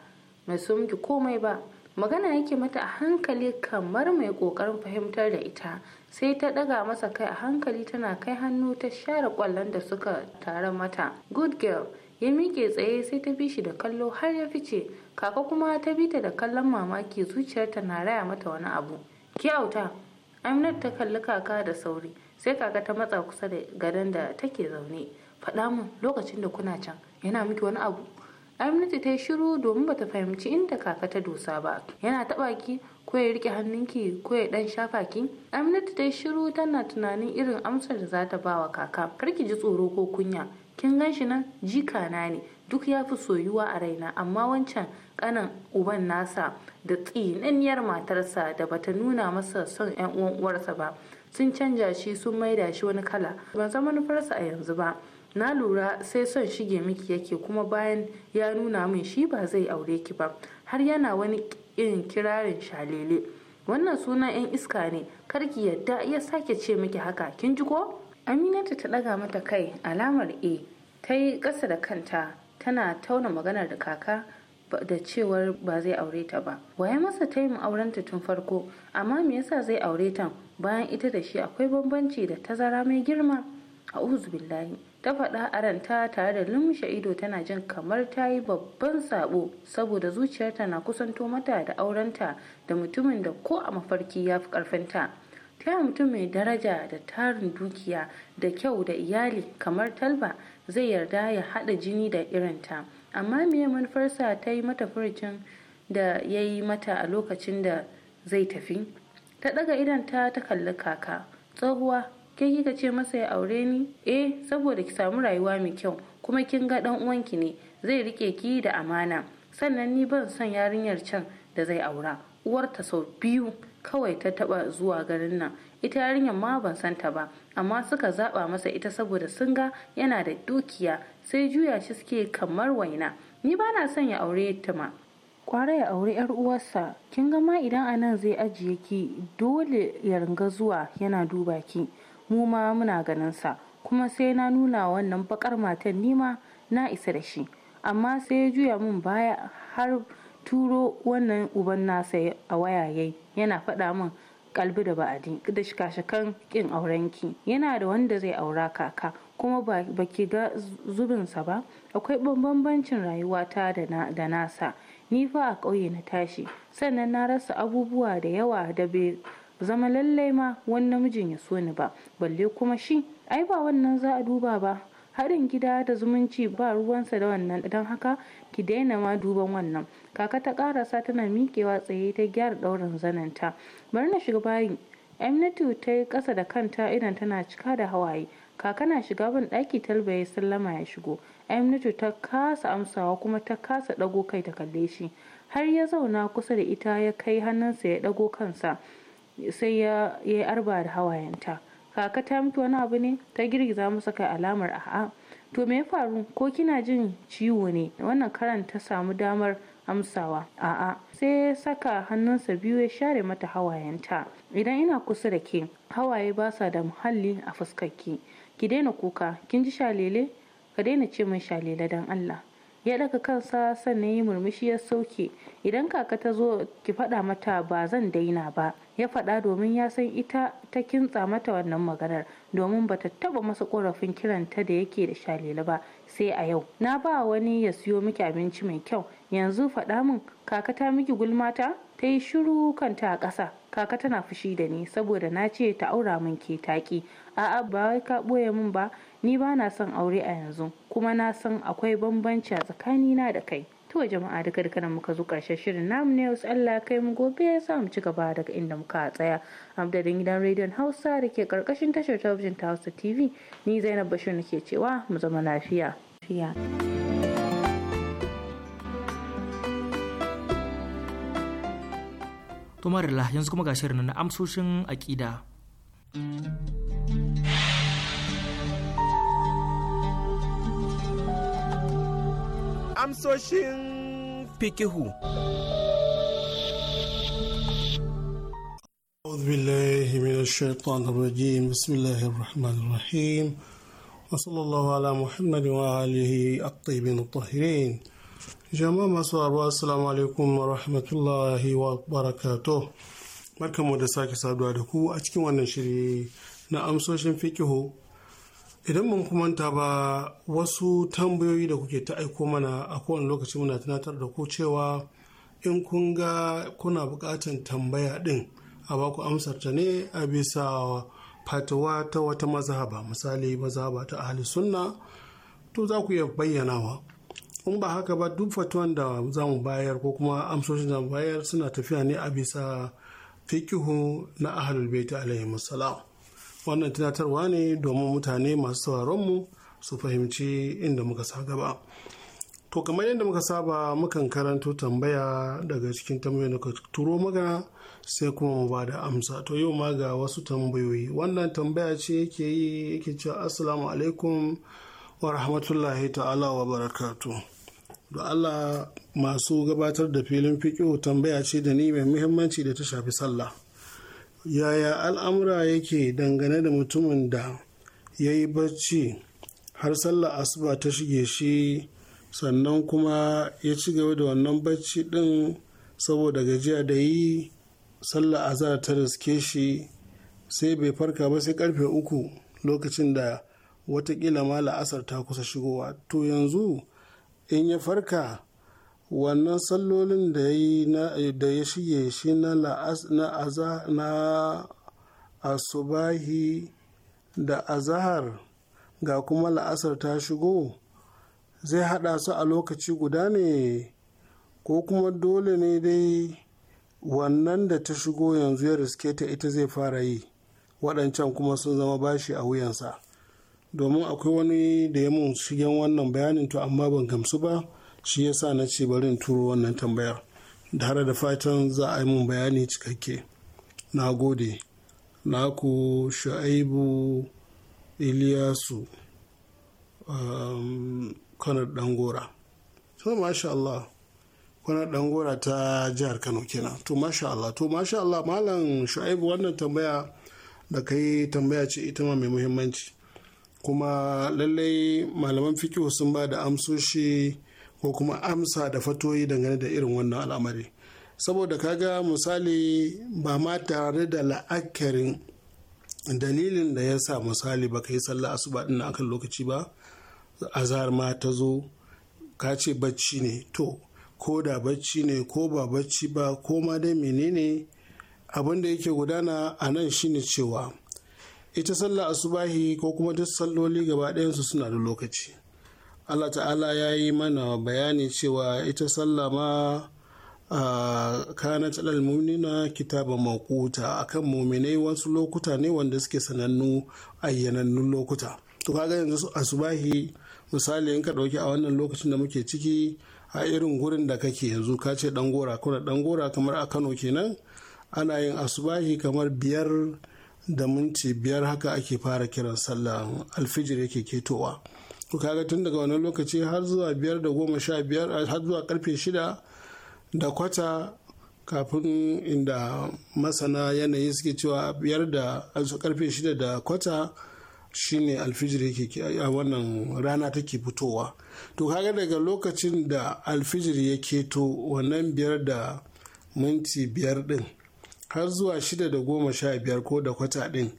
mai siyo miki komai ba magana yake mata a hankali kamar mai kokarin fahimtar da ita sai ta daga masa kai a hankali tana kai hannu ta share kwallon da suka tare mata good girl ya miƙe tsaye sai ta bi shi da kallo har ya fice kaka kuma ta bi ta da kallon mamaki zuciyarta na raya mata wani abu ki auta aminat ta kalli kaka da sauri sai kaka ta matsa kusa da gadon da take zaune faɗa mun lokacin da kuna can yana miki wani abu aminatu ta yi shiru domin bata fahimci inda kaka ta dosa ba yana taɓa ki ko ya rike hannunki ko ya dan shafa ki aminatu ta yi shiru tana tunanin irin amsar da za ta ba wa kaka kar ki ji tsoro ko kunya kin gan shi nan jika na ne duk ya fi soyuwa a raina amma wancan kanan uban nasa da tsinanniyar matarsa da bata nuna masa son yan uwan uwarsa ba sun canja shi sun maida shi wani kala ban san manufarsa a yanzu ba na lura sai son shige miki yake kuma bayan ya nuna min shi ba zai aure ki ba har yana wani irin kirarin shalele wannan sunan yan iska ne kar ki yadda ya sake ce miki haka kin ji ko aminatu ta ɗaga mata kai alamar a ta yi ƙasa da kanta tana tauna maganar da kaka da cewar ba zai aure ta ba waye masa ta yi aurenta tun farko amma me yasa zai aure ta bayan ita da shi akwai bambanci da tazara mai girma a billahi ta faɗa a ranta tare da lumshe ido tana jin kamar ta yi babban sabo saboda zuciyarta na kusanto mata da aurenta da mutumin da ko a mafarki ya fi ƙarfinta ta mutum mai daraja da tarin dukiya da kyau da iyali kamar talba zai yarda ya haɗa jini da irinta amma me manufarsa ta yi mata furcin da ya yi mata a lokacin da zai tafi ta ɗaga idan ta kalli kaka tsohuwa ke kika ce masa ya aure ni eh saboda ki samu rayuwa mai kyau kuma kin ga 'dan uwanki ne zai rike ki da amana sannan ni ban son yarinyar can da zai aura uwarta sau biyu kawai ta taba zuwa garin nan ita yarinyar ma ban san ta ba amma suka zaba masa ita saboda sun ga yana da dukiya sai juya shi suke kamar waina ni ba na son ya aure ta ma kwara ya aure yar uwarsa kin ga ma idan anan zai ajiye ki dole ya ringa zuwa yana duba ki mu ma muna ganin sa kuma sai na nuna wannan bakar matan nima na isa da shi amma sai ya juya min baya har turo wannan uban nasa a wayaye yana faɗa min kalbi da ba'adi da shikashikan kin aurenki yana da wanda zai aura kaka kuma ba ki ga zubinsa ba akwai bambancin rayuwata da nasa ni fa a ƙauye na tashi sannan na rasa abubuwa da yawa da bai zama lallai ma wani namijin ya so ni ba balle kuma shi ai ba wannan za a duba ba haɗin gida da zumunci ba ruwansa da wannan don haka ki daina ma duban wannan kaka ta karasa tana mikewa tsaye ta gyara ɗaurin zananta bari na shiga bayin. aminatu ta yi kasa da kanta idan tana cika da hawaye kaka na shiga bin daki talba ya sallama ya shigo aminatu ta kasa amsawa kuma ta kasa ɗago kai ta kalle shi har ya zauna kusa da ita ya kai hannunsa ya ɗago kansa sai ya yi arba da hawayenta kaka ta mutu wani abu ne ta girgiza masa kai alamar a'a to me ya faru ko kina jin ciwo ne wannan karan ta samu damar amsawa a'a sai ya saka hannunsa biyu ya share mata hawayenta idan ina kusa da ke hawaye ba sa da muhalli a fuskarki ki daina kuka kin ji shalele ka daina ce min shalele don allah ya daga kansa sannan yi murmushi ya sauke idan kaka ta zo ki faɗa mata ba zan daina ba ya faɗa domin ya san ita ta kintsa mata wannan maganar domin ba ta taɓa masa ƙorafin kiranta da yake da shalele ba sai a yau na ba wani ya siyo miki abinci mai kyau yanzu faɗa min kaka ta miki gulma ta ta yi shiru kanta a ƙasa kaka tana fushi da ni saboda na ce ta aura min ke taƙi a'a ba wai ka ɓoye min ba ni ba na son aure a yanzu kuma na san akwai bambanci a tsakani na da kai to jama'a duka duka da muka zo karshen shirin namu ne wasu Allah kai mu gobe sa mu ci gaba daga inda muka tsaya amdadin gidan rediyon Hausa da ke karkashin tashar talabijin ta Hausa TV ni Zainab Bashir nake cewa mu zama lafiya. lafiya. Tumarila yanzu kuma ga shirin na amsoshin aƙida. Amsoshin fikihu. أعوذ بالله من الشيطان الرجيم بسم الله الرحمن الرحيم وصلى الله على محمد وآله الطيبين الطاهرين jama'a masu warwa assalamu alaikum wa rahmatullahi wa barakato da sake saduwa da ku a cikin wannan shiri na amsoshin fikihu idan mun kumanta ba wasu tambayoyi da kuke ta aiko mana a kowane lokaci muna tunatar da ku cewa in kun ga kuna buƙatan tambaya ɗin a baku amsar ta ne a bisa fatawa ta wata mazhaba misali mazhaba ta ahli sunna to za ku iya bayyanawa in ba haka ba duk fatuwan da za mu bayar ko kuma amsoshin da bayar suna tafiya ne a bisa fikihu na ahlul baiti alaihi salam wannan tunatarwa ne domin mutane masu sauraron mu su fahimci inda muka sa gaba to kamar yadda muka saba mukan karanto tambaya daga cikin tambayoyin da turo magana sai kuma mu ba da amsa to yau ma ga wasu tambayoyi wannan tambaya ce yake yi yake cewa assalamu alaikum wa rahmatullahi ta'ala wa barakatu da Allah masu gabatar da filin fiƙo tambaya ce da ni mai muhimmanci da ta shafi sallah yaya al'amura yake dangane da mutumin da ya yi bacci har sallah asuba ta shige shi sannan kuma ya ci gaba da wannan bacci din saboda gajiya da yi sallar azhar ta riske shi sai bai farka ba sai karfe uku lokacin da watakila ma la'asar ta kusa shigowa to yanzu in ya farka wannan sallolin da ya shige shi na na asubahi da azahar ga kuma la'asar ta shigo zai hada su a lokaci guda ne ko kuma dole ne dai wannan da ta shigo yanzu ya riske ta ita zai fara yi waɗancan kuma sun zama bashi a wuyansa domin akwai wani da ya mun shigen wannan bayanin to amma ban gamsu ba shi ya sa na ce bari turo wannan tambayar da har da fatan za a yi mun bayani cikakke na gode naku shaibu iliyasu um, kanar dangora. So, masha wani dan ta jihar kano kenan to masha Allah to masha Allah malam shu'aibu wannan tambaya da kai tambaya ce ita ma mai muhimmanci kuma lallai malaman fiki sun ba da amsoshi ko kuma amsa da fatoyi dangane da irin wannan al'amari saboda ka ga misali ba ma tare da la'akarin dalilin da ya sa misali ba ka yi sallah asuba din akan lokaci ba azar ma ta zo ka ce bacci ne to ko da bacci ne ko ba bacci ba ko ma dai menene abin da yake gudana a nan shine cewa ita sallah asubahi ko kuma duk salloli gaba su suna da lokaci allah ta'ala ya yi mana bayani cewa ita sallah ma a kana talal mumina kitaba makuta akan muminai wasu lokuta ne wanda suke sanannu ayyanannun lokuta to kaga yanzu asubahi misali in ka ɗauki a wannan lokacin da muke ciki a irin gurin da kake yanzu ka ce ɗangora kuna ɗangora kamar a kano kenan ana yin asubahi kamar biyar da minti biyar haka ake fara kiran sallah alfijir yake ketowa ku kaga tun daga wannan lokaci har zuwa biyar da goma sha biyar har zuwa karfe shida da kwata kafin inda masana yanayi suke cewa biyar da karfe shida da kwata shine alfijir yake a wannan rana take fitowa to kaga daga lokacin da alfijir ya keto wannan biyar da minti biyar din har zuwa shida da goma sha biyar ko da kwata din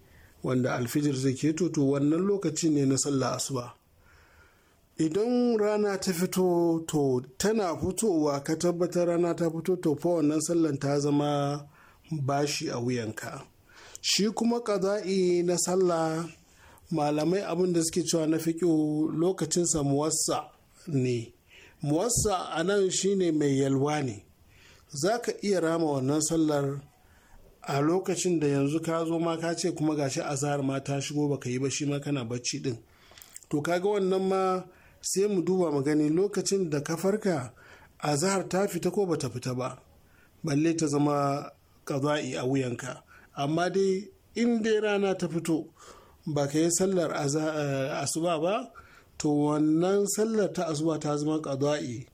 wanda alfijir zai keto to wannan lokaci ne na sallah asuba idan rana ta fito to tana fitowa ka tabbatar rana ta fito to fa wannan sallan ta zama bashi a wuyanka shi kuma ƙaza'i na sallah malamai abin da suke cewa na fiƙo lokacinsa muwassa ne muwassa anan shine mai yalwa ne za iya rama wannan sallar a lokacin da yanzu ka zo ma ka ce kuma gashi azahar ma ta shigo baka yi ba shi ma kana bacci din to kaga wannan ma sai mu duba mu gani lokacin da ka farka azahar ta fita ko bata fita ba balle ta zama kaza'i a wuyanka amma dai in dai rana ta fito ba ka yi sallar eh, asuba ba to wannan sallar ta asuba ta zama ƙadwa'i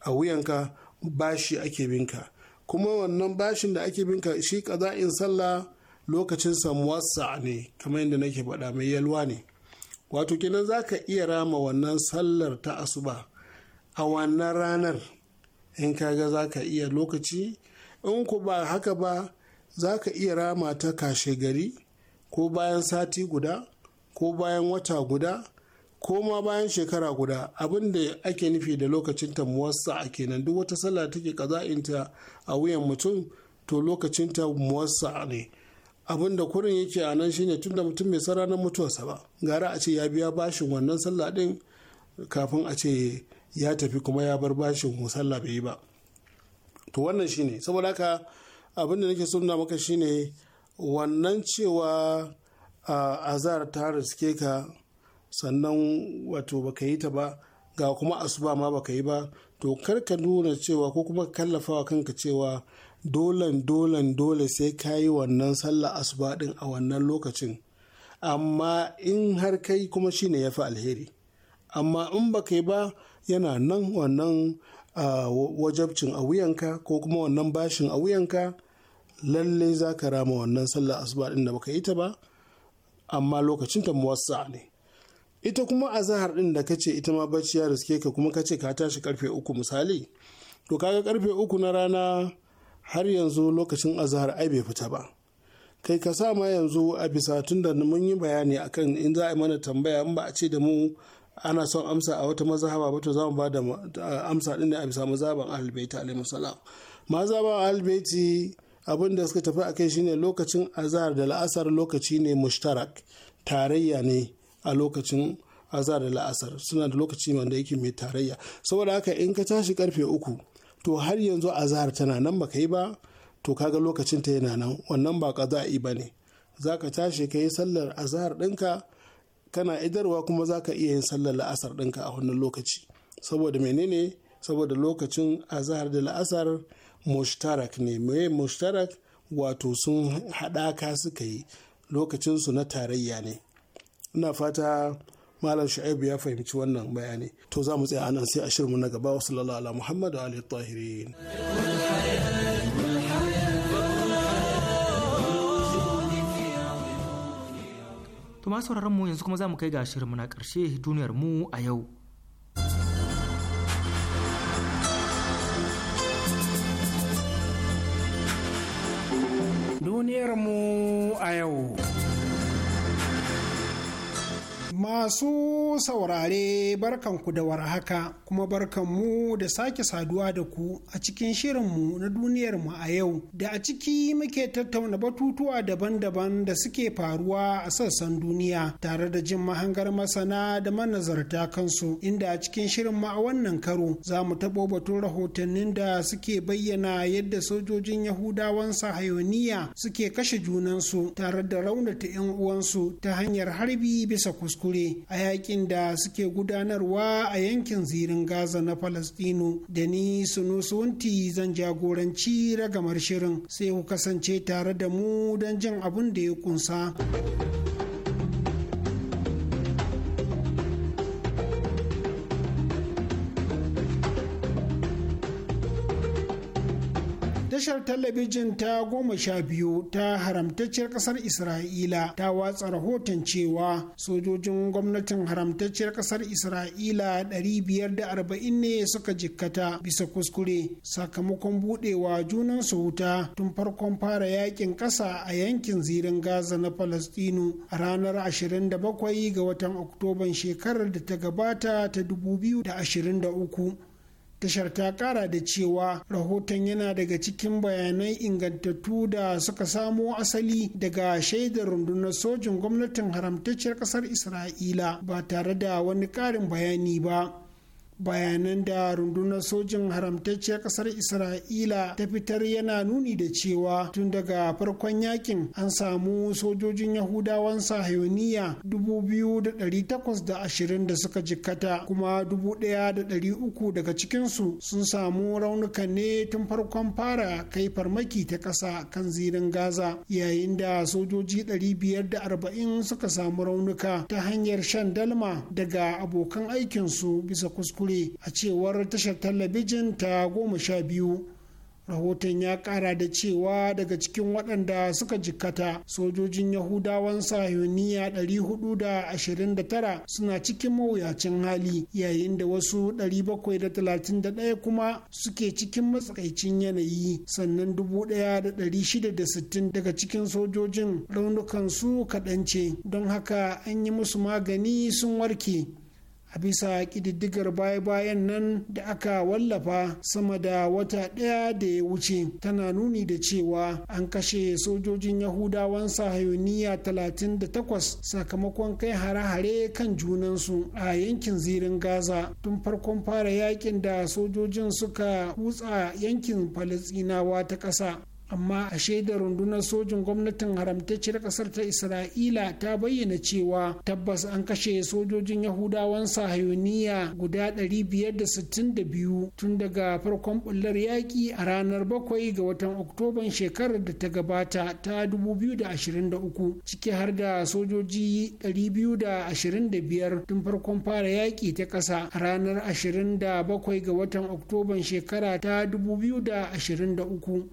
a wuyanka bashi ake binka kuma wannan bashin da ake binka shi ƙada'in sallah lokacin samuwarsa ne kamar yadda nake faɗa mai yalwa ne wato kenan za ka iya rama wannan sallar ta asuba a wannan ranar in ga za ka iya lokaci in ku ba haka ba za ka iya rama ta kashe gari ko bayan sati guda ko bayan wata guda ko ma bayan shekara guda abin da ake nufi da lokacin muwassa a kenan duk wata sallah take kaza inta a wuyan mutum to lokacin ta muwassa ne abin da kurin yake a nan shine tunda mutum bai san ranar mutuwarsa ba gara a ce ya biya bashin wannan sallah din kafin a ce ya tafi kuma ya bar bashin sallah bai yi ba to wannan shine saboda haka abin da nake so maka shine wannan cewa azar ta riske ka sannan wato baka yi ta ba ga kuma asuba ma baka yi ba to kar ka nuna cewa ko kuma kallafawa kanka cewa dolan dolan dole sai ka yi wannan sallah asuba din a wannan lokacin amma in har kai kuma shine ya fi alheri amma in baka yi ba yana nan wannan wajabcin a wuyanka ko kuma wannan bashin a wuyanka lallai za ka rama wannan sallar asuba ɗin da baka yi ta ba amma lokacin ta muwassa ne ita kuma azahar ɗin da kace ita ma bacci ya riske ka kuma kace ka tashi karfe uku misali to kaga karfe uku na rana har yanzu lokacin azahar ai bai fita ba kai ka sa ma yanzu a bisa tun da mun yi bayani akan in za a mana tambaya in ba a ce da mu ana son amsa a wata mazhaba ba to za mu ba da amsa din ne a bisa mazhaban ahlul baiti alaihi salam mazhaban ahlul baiti abin da suka tafi a kai shine lokacin azar da la'asar lokaci ne mushtarak tarayya ne a lokacin azar da la'asar suna da lokaci wanda yake mai tarayya saboda haka in ka tashi karfe uku to har yanzu azar tana nan baka yi ba to kaga lokacin ta yana nan wannan ba yi bane zaka tashi ka yi sallar azar ɗinka kana idarwa kuma za ka iya yin sallar la'asar ɗinka a wannan lokaci saboda menene saboda lokacin azar da la'asar mushtarak ne mai mushtarak wato sun haɗaka suka yi lokacinsu na tarayya ne ina fata malam shu'aibu ya fahimci wannan bayani to za mu tsaya anan sai a shirmu na gaba wasu ala muhammadu ali tahirin to sauraron mu yanzu kuma za mu kai ga shirinmu na ƙarshe duniyar mu a yau duniyarmu a yau. Masu saurare barkanku da warhaka kuma barkanmu da sake saduwa da ku a cikin shirin mu na duniyarmu a yau da a ciki muke tattauna batutuwa daban-daban da suke faruwa a sassan duniya tare da jin mahangar masana da manazarta kansu inda a cikin shirinmu a wannan karo za mu taɓo batun rahotannin da suke bayyana yadda sojojin Yahudawan sahayoniya suke kashe junansu tare da raunata 'yan uwansu ta hanyar harbi bisa kuskure. kuskure a yakin da suke gudanarwa a yankin zirin gaza na falastinu da ni sunusunti zan jagoranci ragamar shirin sai ku kasance tare da mu don jin abin da ya kunsa. tashar talabijin ta goma sha biyu ta haramtacciyar ƙasar isra'ila ta watsa rahoton cewa sojojin gwamnatin haramtacciyar ƙasar isra'ila 540 ne suka jikkata bisa kuskure sakamakon budewa junansu wuta tun farkon fara yakin ƙasa a yankin zirin gaza na falastinu a ranar 27 ga watan oktoban shekarar da ta gabata ta 2023 tashar ta kara da cewa rahoton yana daga cikin bayanan ingantattu da suka samo asali daga shaidar rundunar sojin gwamnatin haramtacciyar kasar isra'ila ba tare da wani karin bayani ba bayanan da rundunar sojin haramtacciyar kasar isra'ila ta fitar yana nuni da cewa tun daga farkon yakin an samu sojojin yahudawan sahayoniya 2,820 da suka jikkata kuma 1,300 daga cikinsu sun samu raunuka ne tun farkon fara kai farmaki ta ƙasa kan zirin gaza yayin da sojoji 540 suka samu raunuka ta hanyar shan dalma daga abokan aikinsu bisa kuskure kuskure a cewar tashar talabijin ta goma sha biyu rahoton ya kara da cewa daga cikin waɗanda suka jikkata sojojin yahudawan sahiyoniya 429 suna cikin mawuyacin hali yayin da wasu 731 kuma suke cikin matsakaicin yanayi sannan 1660 daga cikin sojojin raunukansu su don haka an yi musu magani sun warke a bisa ƙididdigar baya-bayan nan da aka wallafa sama da wata ɗaya da ya wuce tana nuni da cewa an kashe sojojin yahudawan sahayoniya 38 sakamakon kai hare-hare kan junansu a yankin zirin gaza tun farkon fara yakin da sojojin suka hutsa yankin falisinawa ta ƙasa amma a shaidar rundunar sojin gwamnatin haramtacciyar kasar ta isra'ila ta bayyana cewa tabbas an kashe sojojin yahudawan sahayoniya guda 562 tun daga farkon bullar yaƙi a ranar 7 ga watan oktoban shekarar da ta gabata ta 2023 ciki har da sojoji 225 tun farkon fara yaƙi ta ƙasa a ranar 27 ga watan oktoban shekara ta 2023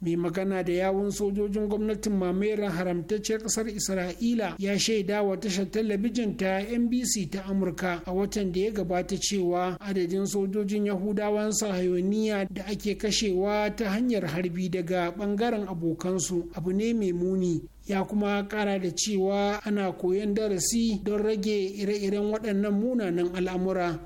mai magana da yawun sojojin gwamnatin mamayar haramtacciyar ƙasar isra'ila ya shaida wa tashar talabijin ta nbc ta amurka a watan da ya gabata cewa adadin sojojin yahudawan sahayoniya da ake kashewa ta hanyar harbi daga ɓangaren abokansu abu ne mai muni ya kuma kara da cewa ana koyon darasi don rage ire-iren waɗannan munanan al'amura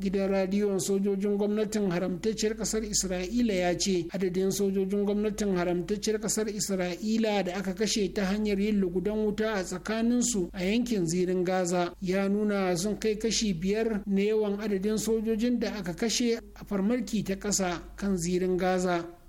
gidan radiyon sojojin gwamnatin haramtacciyar kasar isra'ila ya ce adadin sojojin gwamnatin haramtacciyar kasar isra'ila da aka kashe ta hanyar yin lugudan wuta a tsakanin su a yankin zirin gaza ya nuna sun kai kashi biyar na yawan adadin sojojin da aka kashe a farmarki ta ƙasa kan zirin gaza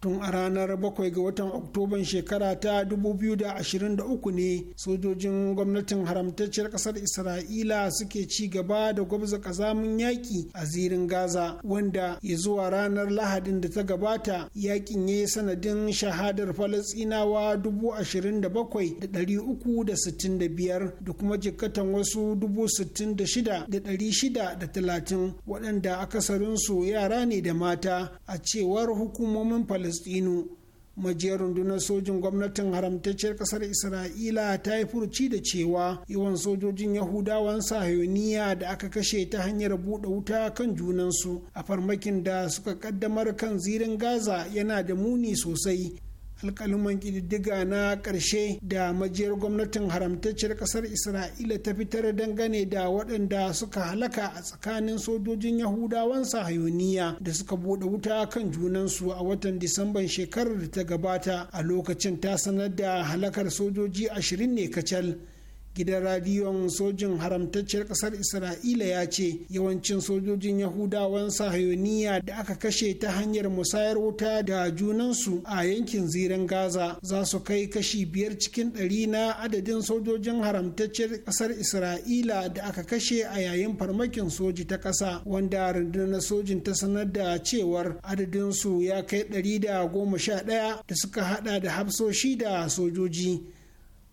tun a ranar 7 ga watan oktoban shekara ta 2023 ne sojojin gwamnatin haramtacciyar kasar isra'ila suke ci gaba da gwabza kazamin yaƙi a zirin gaza wanda ya zuwa ranar lahadin da ta gabata yaƙin ya yi sanadin shahadar falasinawa 27,365 da kuma jikkatan wasu 66,630 waɗanda akasarinsu yara ne da mata a cewar hukumomin falasinawa falastinu majiyar rundunar sojin gwamnatin haramtacciyar kasar isra'ila ta yi furuci da cewa yawan sojojin yahudawan sahiyoniya da aka kashe ta hanyar buɗe wuta kan junansu a farmakin da suka kaddamar kan zirin gaza yana da muni sosai alkaluman ƙididdiga na ƙarshe da majiyar gwamnatin haramtacciyar ƙasar isra'ila ta fitar dangane da waɗanda suka halaka a tsakanin sojojin yahudawan sahayoniya da suka buɗe wuta kan junansu a watan disamban shekarar da ta gabata a lokacin ta sanar da halakar sojoji ashirin ne kacal gidan radiyon sojin haramtacciyar kasar isra'ila ya ce yawancin sojojin yahudawan sahayoniya da aka kashe ta hanyar musayar wuta da junansu a yankin ziren gaza za su kai kashi biyar cikin ɗari na adadin sojojin haramtacciyar kasar isra'ila da aka kashe a yayin farmakin soji ta ƙasa wanda rundunar sojin ta sanar da cewar adadinsu ya kai ɗari da goma sha ɗaya da suka haɗa da hafsoshi da sojoji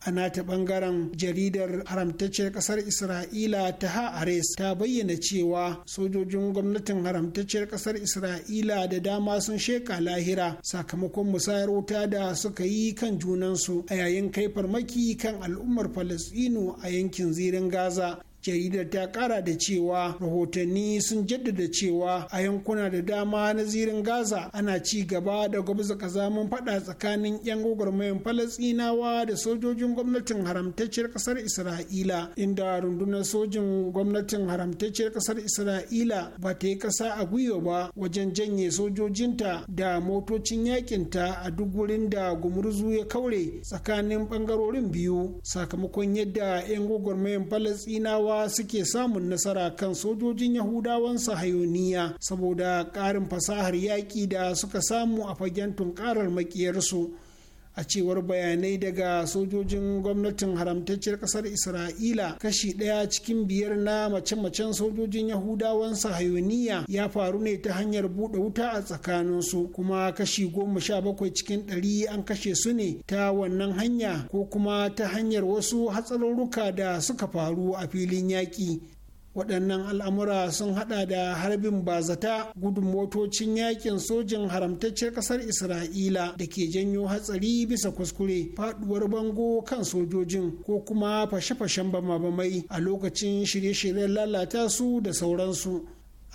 a nata bangaren jaridar haramtacciyar kasar isra'ila ta ha'ares ta bayyana cewa sojojin gwamnatin haramtacciyar kasar isra'ila da dama sun sheka lahira sakamakon musayar wuta da suka yi kan junansu a yayin kai farmaki kan al'ummar falasɗinu a yankin zirin gaza jaridar ta kara da cewa rahotanni sun jaddada cewa a yankuna da dama na zirin gaza ana ci gaba da gwamnati kazamin fada tsakanin yan gwagwarmayan falasinawa da sojojin gwamnatin haramtacciyar kasar isra'ila inda rundunar sojin gwamnatin haramtacciyar kasar isra'ila ba ta yi kasa a gwiwa ba wajen janye sojojinta da motocin yakinta a duk wurin da gumurzu ya kaure tsakanin bangarorin biyu sakamakon yadda yan gwagwarmayan falasinawa larabawa suke samun nasara kan sojojin yahudawan sahayoniya saboda ƙarin fasahar yaƙi da suka samu a fagen tunkarar makiyarsu a cewar bayanai daga sojojin gwamnatin haramtacciyar kasar isra'ila kashi ɗaya cikin biyar na mace-macen sojojin yahudawan sahayoniya ya faru ne ta hanyar buɗe wuta a tsakaninsu kuma kashi goma sha bakwai cikin ɗari an kashe su ne ta wannan hanya ko kuma ta hanyar wasu hatsarurruka da suka faru a filin yaƙi waɗannan al'amura sun haɗa da harbin bazata gudun motocin yakin sojin haramtaccen ƙasar isra'ila da ke janyo hatsari bisa kuskure faɗuwar bango kan sojojin ko kuma fashe-fashen bama-bamai a lokacin shirye-shiryen lalata su da sauransu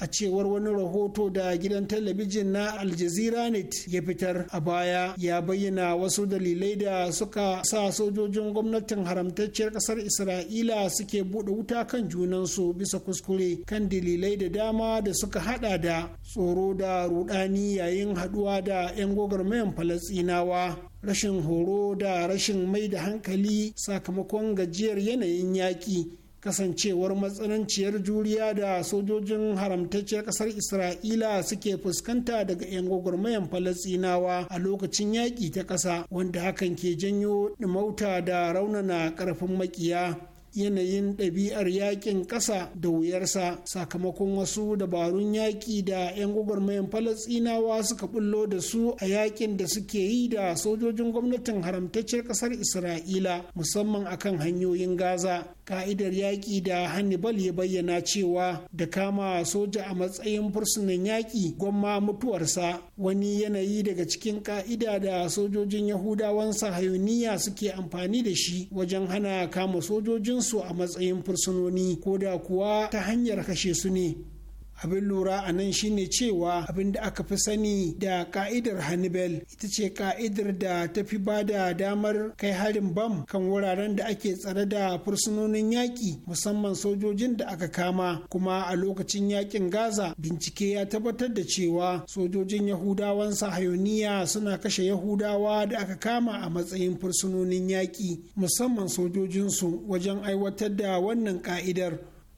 a cewar wani rahoto da gidan talabijin na jazeera net ya fitar a baya ya bayyana wasu dalilai da suka sa sojojin gwamnatin haramtacciyar kasar isra'ila suke buɗe wuta kan junansu bisa kuskure kan dalilai da dama da suka hada da tsoro da rudani yayin haduwa da 'yan gwagwarmayan falasinawa rashin horo da rashin mai da hankali sakamakon gajiyar yanayin yaki. kasancewar matsananciyar juriya da sojojin haramtacciyar kasar isra'ila suke fuskanta daga 'yan gwagwarmayan falasinawa a lokacin yaƙi ta ƙasa wanda hakan ke janyo ɗimauta da raunana ƙarfin makiya yanayin ɗabi'ar yakin ƙasa da wuyarsa sakamakon wasu dabarun yaƙi da 'yan gwagwarmayan falasinawa suka bullo da su a yakin da suke yi da sojojin gwamnatin haramtacciyar ƙasar isra'ila musamman akan hanyoyin gaza ka'idar yaƙi da hannibal ya bayyana cewa da kama soja a matsayin fursunan yaƙi gwamma mutuwarsa wani yanayi daga cikin ka'ida da sojojin yahudawan sahayuniya suke amfani da shi wajen hana kama sojojin su a matsayin fursunoni ko da kuwa ta hanyar kashe su ne abin lura a nan shine cewa abin da aka fi sani da ka'idar hannibal ita ce ka'idar da ta fi ba da damar kai harin bam kan wuraren da ake tsare da fursunonin yaƙi musamman sojojin da aka kama kuma a lokacin yaƙin gaza bincike ya tabbatar da cewa sojojin yahudawan sahayoniya suna kashe yahudawa da aka kama a matsayin fursunonin yaƙi musamman sojojinsu wajen aiwatar da wannan ka'idar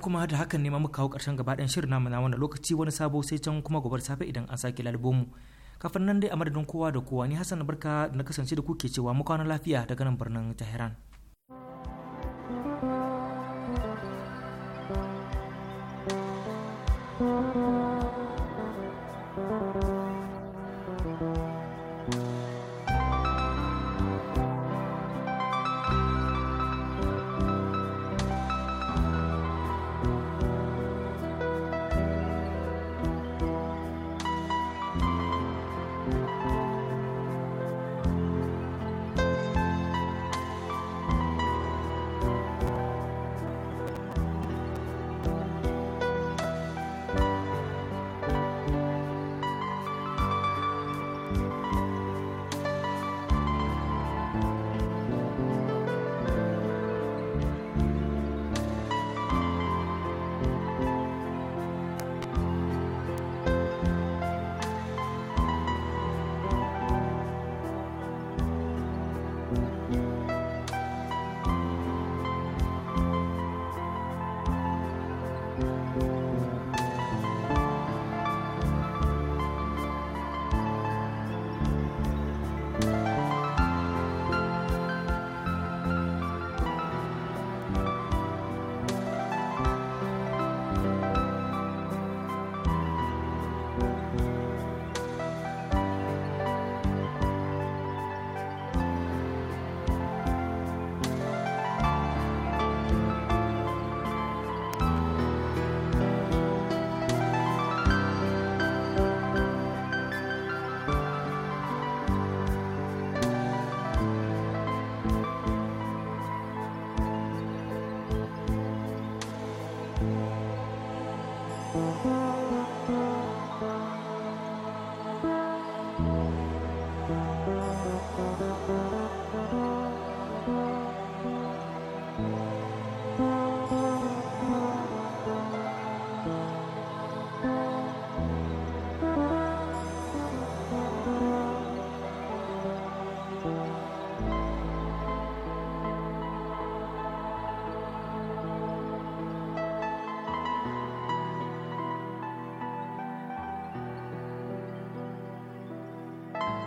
kuma da hakan ne ma muka kawo ƙarshen gaba ɗayan shirin namu na wannan lokaci wani sabo sai can kuma gobar safe idan an sake lalbo mu kafin nan dai a madadin kowa da kowa ni Hassan barka na kasance da kuke cewa mu lafiya daga nan birnin Tehran